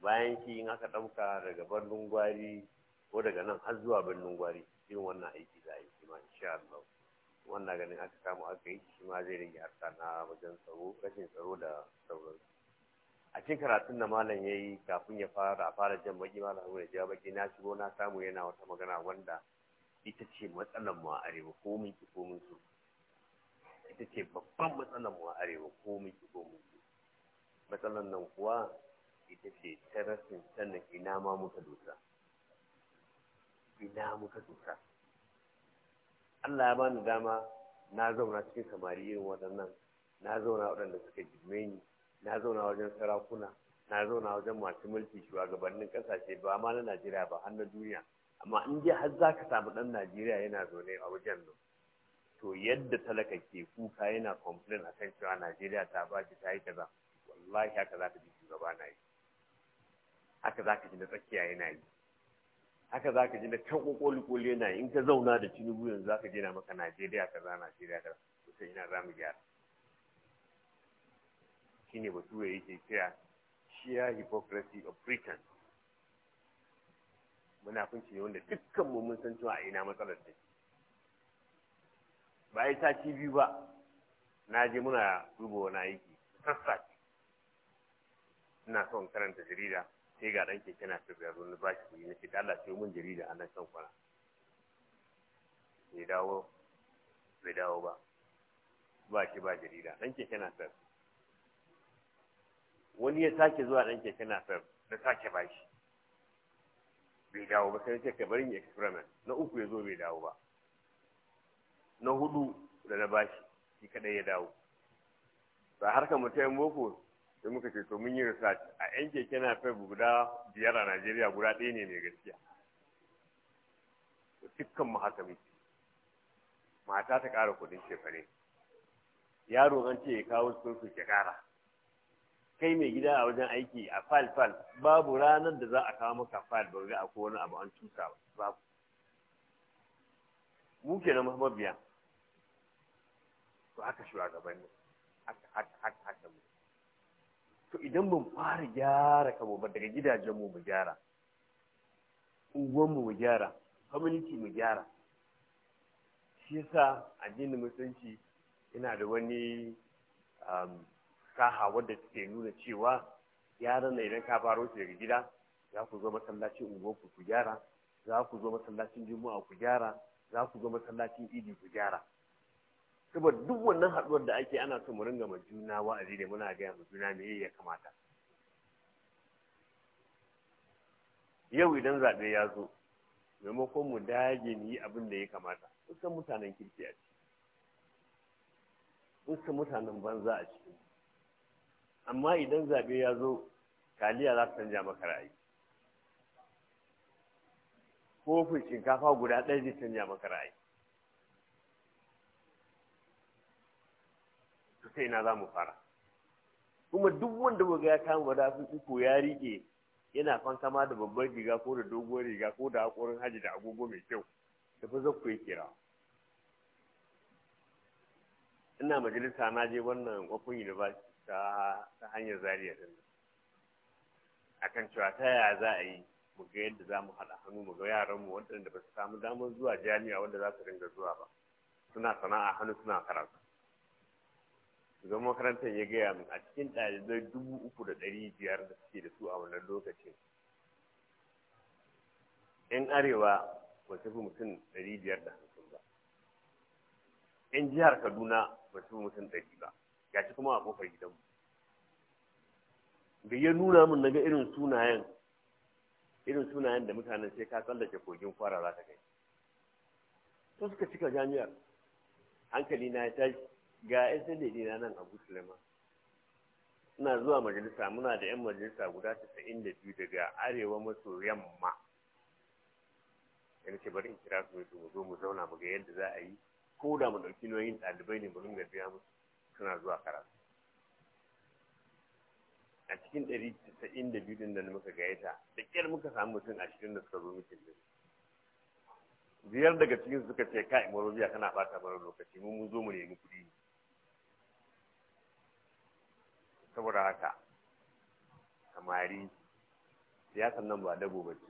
bayan shi in aka ɗauka daga birnin gwari ko daga nan har zuwa birnin gwari irin wannan aiki za a yi shi ma insha Allah wannan ganin aka samu aka yi shi ma zai rage harka na wajen tsaro rashin tsaro da sauransu a cikin karatun da malam ya yi kafin ya fara fara jan baki malam ya ja baki na shigo na samu yana wata magana wanda ita ce matsalar mu a arewa ko mun ki ko mun ita ce babban matsalar mu a arewa ko mun ki ko mun matsalar nan kuwa ita ce ta rasin sanin ina ma muka dosa ina muka dosa Allah ya bani dama na zauna cikin samari irin waɗannan na zauna waɗanda suka jime ni na zauna wajen sarakuna na zauna wajen masu mulki shugabannin ƙasashe ba ma na Najeriya ba har duniya amma in ji har za ka samu ɗan Najeriya yana zaune a wajen nan to yadda talaka ke kuka yana complain akan cewa Najeriya ta ba ta yi kaza wallahi haka za ka ji shugaba na yi haka za ka ji na tsakiya yana yi haka za ka ji na can kokoli yana yi in ka zauna da tinubu yanzu za ka jina maka najeriya kaza najeriya ka to ina za mu gyara shine yi yake kira sheer hypocrisy of britain Muna kunci ne wanda dukkan mu mun san cewa a ina matsalar ce ba a yi sati biyu ba na je muna duba wani aiki sassafe ina son karanta jarida sai ga ɗan keke na tafiya ruwan na shi yi na shiga da Allah sai mun jarida a nan kan kwana bai dawo bai dawo ba ba shi ba jarida ɗan keke na tafiya wani ya sake zuwa ɗan keke na tafiya da sake bashi bai dawo ba sai ce ka bari ni experiment na uku ya zo bai dawo ba na hudu da na bashi shi kaɗai ya dawo ba harkar mutum boko sai muka ce to mun yi research a yan keke na fai guda biyar a najeriya guda ɗaya ne mai gaskiya dukkan mu haka muke mata ta ƙara kuɗin cefane yaro an ce ya kawo sosu ya ƙara kai mai gida a wajen aiki a fal fal babu ranar da za a kawo maka fal ba ga akwai wani abu an tusa babu mu ke na mabiya to haka shugaban ne haka haka to idan mun fara gyara kamo ba daga gidajen mu gyara unguwanmu mu gyara community mu gyara shi yasa addinin musulunci yana da wani um, saha wadda take nuna cewa yaran na idan ka faro su daga gida za ku zo masallacin unguwarku ku gyara za ku zo masallacin juma'a ku gyara za ku zo masallacin idi ku gyara saboda duk wannan haɗuwar da ake ana so mu ringa ma juna wa'azi ne muna gaya ma juna me ya kamata yau idan zaɓe ya zo maimakon mu dage mu yi abin da ya kamata kusan mutanen kirki a ciki kusan mutanen banza a ciki amma idan zaɓe ya zo taliya za su canja maka ra'ayi kofin shinkafa guda ɗaya zai canja maka ra'ayi ta ina za mu fara kuma duk wanda muga ya kama su iko ya rike yana fankama da babban riga ko da doguwar riga ko da haƙorin hajji da agogo mai kyau da fi zakku ya kira ina majalisa na je wannan open university ta hanyar zariya din akan cewa ta yaya za a yi mu ga yadda za mu haɗa hannu mu ga mu waɗanda ba su samu damar zuwa jami'a wanda za su dinga zuwa ba suna sana'a hannu suna karatu shugaban makarantar ya gaya min a cikin ɗalibai dubu uku da ɗari biyar da suke da su a wannan lokacin yan arewa ba su fi mutum ɗari biyar da hamsin ba yan jihar kaduna ba su fi mutum ɗari ba ya ci kuma a kofar gidanmu da ya nuna min na ga irin sunayen irin sunayen da mutanen sai ka tsallake kogin fara za ta kai to suka cika jami'ar hankali na ya tashi ga da ina nan Abu Suleiman ina zuwa majalisa muna da 'yan majalisa guda 92 daga arewa maso yamma yana ce bari in kira su mu zo mu zauna mu ga yadda za a yi ko da mu ɗauki nauyin ɗalibai ne mu ringa biya musu suna zuwa karatu a cikin 192 din da muka gayyata da ƙyar muka samu mutum ashirin da suka zo mutum ne biyar daga cikin suka ce kai marobiya kana fata mara lokaci mun zo mu nemi kuɗi ne saboda haka samari siyasan nan ba dabo ba ce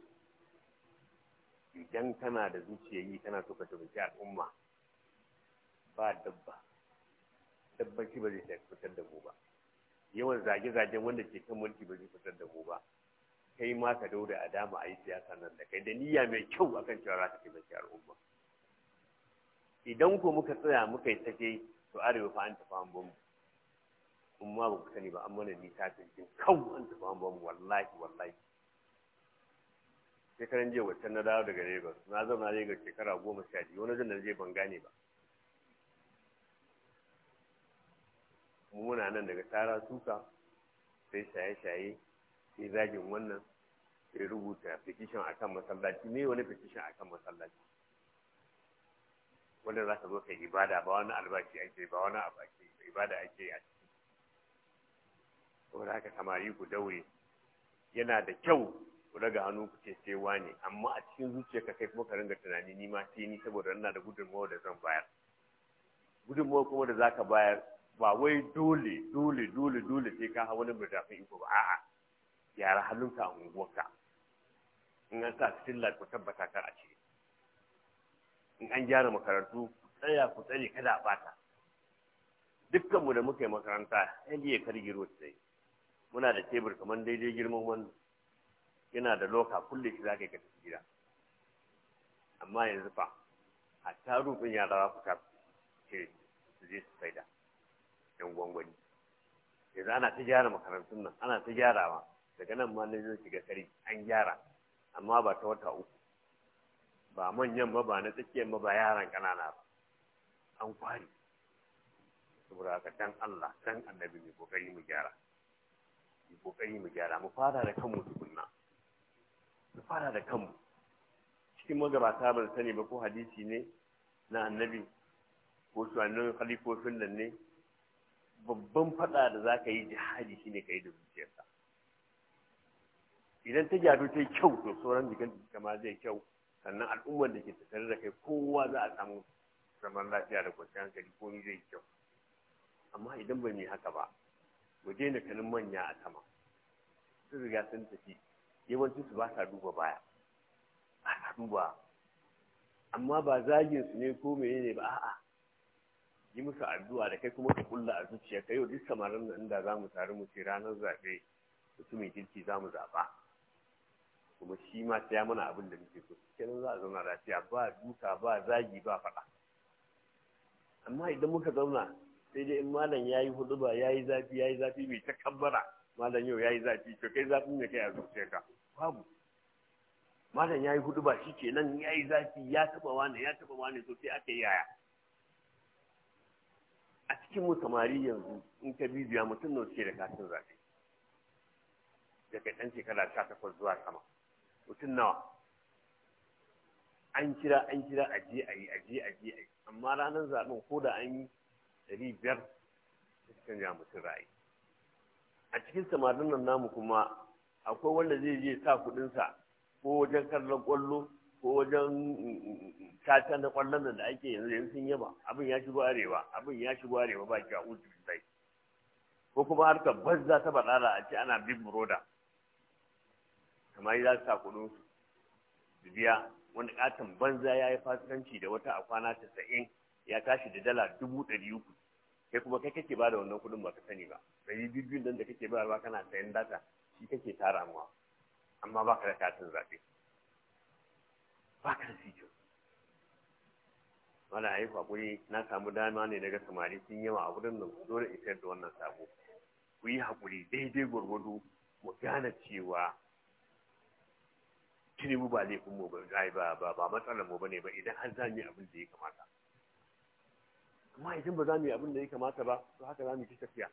idan kana da zuciyayi kana so ka taimaki al'umma ba dabba dabbanci ba zai fitar da mu ba yawan zage-zagen wanda ke kan mulki ba zai fitar da mu ba kai ma ka daura a dama a yi siyasa nan da kai da niyya mai kyau akan cewa za ka taimaki al'umma idan ko muka tsaya muka yi take to arewa fa an tafi an in ma ba ku sani ba an mana littafin jin kawo an tafi ba mu wallahi wallahi shekaran jiya wacce na dawo daga lagos na zauna lagos shekara goma sha biyu wani jin da je ban gane ba muna nan daga tara suka sai shaye-shaye sai zagin wannan sai rubuta petition akan masallaci me wani petition akan masallaci wanda za ka zo ka ibada ba wani albashi ake ba wani abu ake ibada ake a saboda haka samari ku daure yana da kyau ku daga hannu ku ce sai wane amma a cikin ka kai kuma ka ringa tunani ni ma sai ni saboda ina da gudunmawa da zan bayar gudunmawa kuma da zaka bayar ba wai dole dole dole dole sai ka hawa wani murtafin iko ba a'a yara halinka a unguwarka in an sa fitilla ku tabbata kar a ce in an gyara makarantu ku tsaya ku tsare kada a bata dukkanmu da muka yi makaranta ya liya kargiro sai muna da tebur kamar daidai girman wannan yana da loka kulle shi za ga gida amma yanzu fa A rufin yara ya ku ce su je su faida yan gwangwani yanzu ana ta gyara makarantun nan ana ta gyarawa daga nan ma na zo shiga kari an gyara amma ba ta wata uku ba manyan ba ba na tsakiyar ba ba yaran kanana ba an kwari saboda haka dan Allah dan annabi mai kokari mu gyara mu kokari mu gyara mu fara da kanmu tukunna mu fara da kanmu cikin magabata ban sani ba ko hadisi ne na annabi ko shugabannin khalifofin nan ne babban fada da za ka yi jihadi shine ka yi da zuciyarsa idan ta gyaru ta yi kyau to sauran jikin kama zai kyau sannan al'ummar da ke tattare da kai kowa za a samu zaman lafiya da kwanciyar hankali ko ni zai kyau amma idan bai mai haka ba mu daina kanin manya a sama sun riga sun tafi yawancin su ba sa duba baya ba sa duba amma ba zagin su ne ko mene ne ba a'a yi musu addu'a da kai kuma ka kulla a zuciya kai yau duk samarin nan da mu taru mu ce ranar zaɓe mutumin kirki mu zaɓa kuma shi ma ta mana abin da muke so kenan za a zauna lafiya ba duka ba zagi ba faɗa amma idan muka zauna sai dai in malam ya yayi huduba yi zafi yayi zafi mai ta kambara malam yau ya yi zafi to kai zafin ne kai a ka. babu malam ya ke huduba ya yi zafi ya taba wane ya taba wane to sai aka yi yaya a cikin mu samari yanzu in ka bibiya mutum nawa suke da katin zafi daga ɗan shekara sha takwas zuwa sama mutum nawa an kira an kira aje a yi aje aje a yi amma ranar zaɓen ko da an yi ɗari biyar da canja mutum ra'ayi a cikin samarin nan namu kuma akwai wanda zai je sa kudinsa ko wajen kallon kwallo ko wajen mm, mm, caca na kwallon nan da ake yanzu yanzu sun yaba abin ya shigo arewa abin ya shigo arewa ba ki a uzu sai ko kuma harkar banza ta baɗara a ce ana bin buroda kamar za su sa kuɗinsu biya wani katon banza ya yi fasikanci da wata a kwana tasa'in ya tashi da dala dubu ɗari uku kai kuma kai kake ba da wannan kuɗin ba ka sani ba ɗari biyu biyu nan da kake ba kana sayan data shi kake tara muwa amma ba ka da katin zaɓe ba ka da fito wala a yi hakuri na samu dama ne daga samari sun yawa a wurin nan dole isar da wannan sabo ku yi hakuri daidai gwargwado mu gane cewa tinubu ba laifin mu ba ba matsalar mu bane ba idan har za yi abin da ya kamata amma idan ba za mu yi abin da ya kamata ba to haka za mu ci tafiya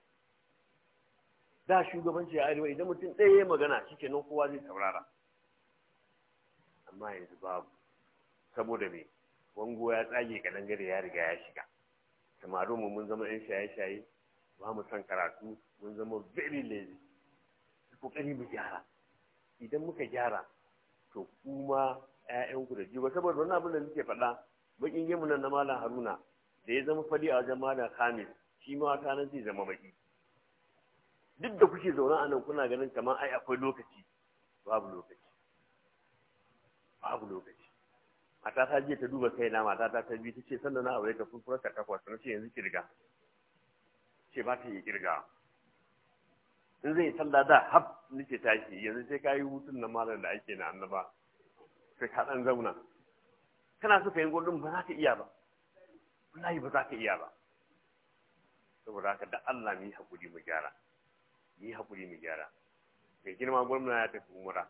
da shugabanci a arewa idan mutum ɗaya ya magana shi nan kowa zai saurara amma yanzu babu saboda me wango ya tsage dangare ya riga ya shiga samarin mu mun zama 'yan shaye-shaye ba mu san karatu mun zama very lazy kokari mu gyara idan muka gyara to kuma 'ya'yanku da jiwa saboda wani abin da muke faɗa bakin gemu nan na malam haruna da ya zama fadi a wajen malam Hamid shi ma ta nan zai zama baki duk da kuke zaune a nan kuna ganin kamar ai akwai lokaci babu lokaci babu lokaci mata ta je ta duba kai na mata ta ta ta ce sannan na aure ka furfura ka takwas na ce yanzu kirga ce ba ta yi kirga in zai sallah da hab nake tashi yanzu sai ka yi hutun na malam da ake na annaba sai ka dan zauna kana so ka yi gudun ba za ka iya ba wallahi ba za ka iya ba saboda haka da Allah mu yi hakuri mu gyara mu yi hakuri mu gyara mai girma gwamna ya tafi umura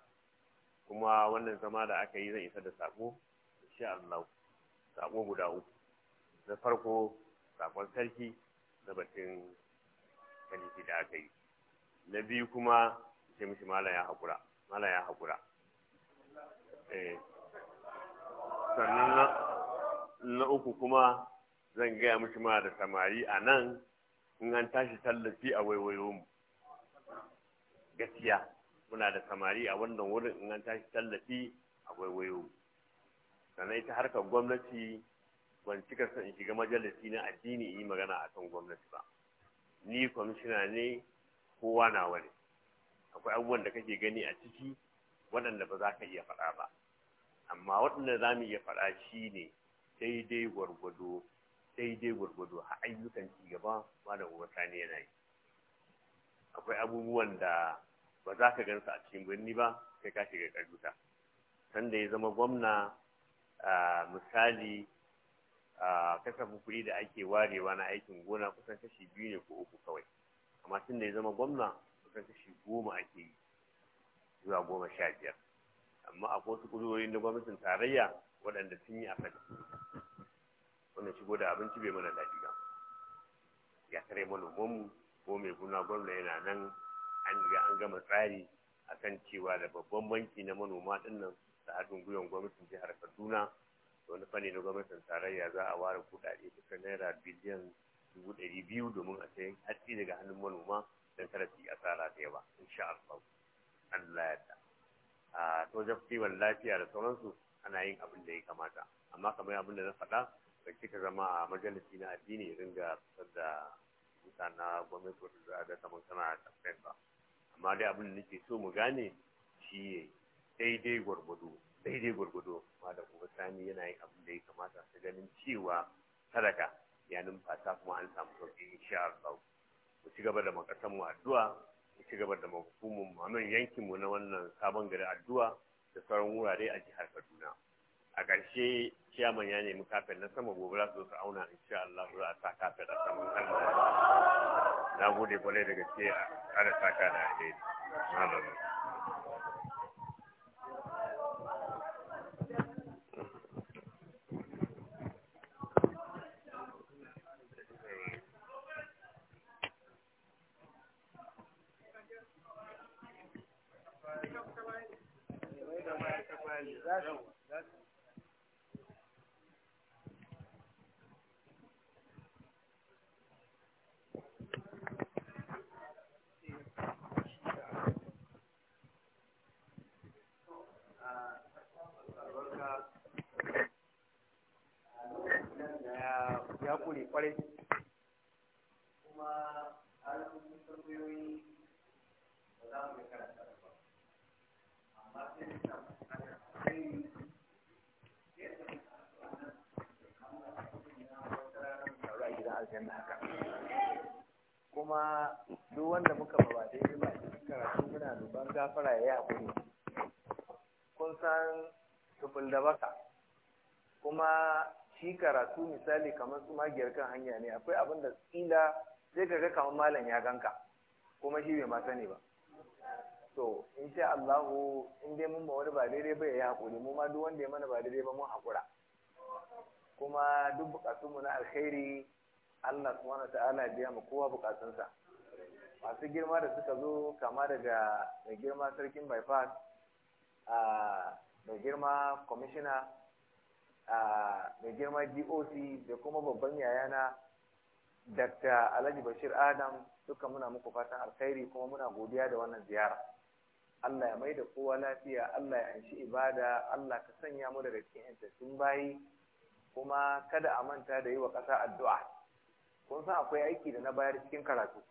kuma wannan zama da aka yi zan isa da sako insha Allah sako guda uku na farko sakon sarki na batun kalifi da aka yi na biyu kuma ce mishi mala ya haƙura malam ya eh. sannan na uku kuma zan gaya mishi ma da samari a nan in an tashi tallafi a waiwayo mu gaskiya muna da samari a wannan wurin in an tashi tallafi a waiwayo mu sannan ita harkar gwamnati ban cika son in shiga majalisi na addini in yi magana a kan gwamnati ba ni kwamishina ne kowa na wani akwai abubuwan da kake gani a ciki waɗanda ba za ka iya faɗa ba amma waɗanda za mu iya faɗa shi ne daidai gwargwado Sai dai gwargwado a ayyukan gaba, ba da wata ne yana yi akwai abubuwan da ba za ka gansa a cikin birni ba sai ka shiga san da ya zama gwamna misali kasafin kuɗi da ake warewa na aikin gona kusan kashi biyu ne ko uku kawai amma tun da ya zama gwamna kusan kashi goma ake yi zuwa goma sha biyar amma akwai wasu ƙudurorin na gwamnatin tarayya waɗanda sun yi a wannan shigo da abinci bai mana daɗi ba ya tare manomanmu ko mai guna gwamna yana nan an riga an gama tsari akan cewa da babban banki na manoma ɗin nan da haɗin gwiwan gwamnatin jihar kaduna da wani fanni na gwamnatin tarayya za a ware kuɗaɗe kusa naira biliyan dubu ɗari biyu domin a sayi hatsi daga hannun manoma don kada su yi asara da yawa insha Allah Allah ya ta a to wajen kiwon lafiya da sauransu ana yin abin da ya kamata amma kamar abin da na faɗa da kika zama a majalisi na addini ya dinga fitar da mutane na gwamnati wata za a ga kamar a ba amma dai abin da nake so mu gane shi daidai gwargwado daidai gwargwado ma da kuma sani yana yin abin da ya kamata su ganin cewa sadaka ya numfasa kuma an samu sauki insha Allah mu ci gaba da makasan mu addu'a mu ci gaba da mahukumin mu yankin mu na wannan sabon gari addu'a da sauran wurare a jihar Kaduna a ƙarshe ciyaman ya nemi kafin na sama gobe za su zo su auna in sha Allah za a sa kafin a saman kan na gode kwalai da gaske a ƙara saka na alheri Thank you. akan haka kuma duk wanda muka ba ba daidai ba karatu muna duban gafara ya yi kun san tufin da baka kuma shi karatu misali kamar su magiyar kan hanya ne akwai abin da tsila zai kaga kamar malam ya ganka kuma shi bai ma sani ba to in sha Allahu in dai mun ba wani ba daidai ba ya yi hakuri mu ma duk wanda ya mana ba daidai ba mun haƙura kuma duk mu na alkhairi Allah subhanahu ta'ala biya mu kowa bukatunsa masu girma da suka zo kama daga mai girma sarkin bypass a mai girma commissioner mai girma DOC da kuma babban yayana Dr. Alhaji Bashir Adam suka muna muku fatan alkhairi kuma muna godiya da wannan ziyara Allah ya mai da kowa lafiya Allah ya anshi ibada Allah ka sanya mu daga cikin 'yantattun bayi kuma kada a manta da yi wa ƙasa addu'a kun san akwai aiki da na bayar cikin karatu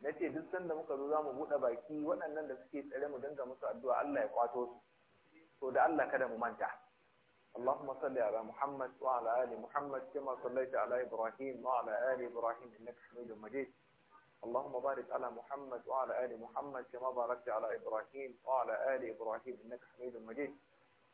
na ce duk sanda muka zo za mu buɗe baki waɗannan da suke tsare mu dinga musu addu'a Allah ya kwato su to da Allah kada mu manta Allahumma salli ala Muhammad wa ala ali Muhammad kama sallaita ala Ibrahim wa ala ali Ibrahim innaka Hamidum Majid Allahumma barik ala Muhammad wa ala ali Muhammad kama barakta ala Ibrahim wa ala ali Ibrahim innaka Hamidum Majid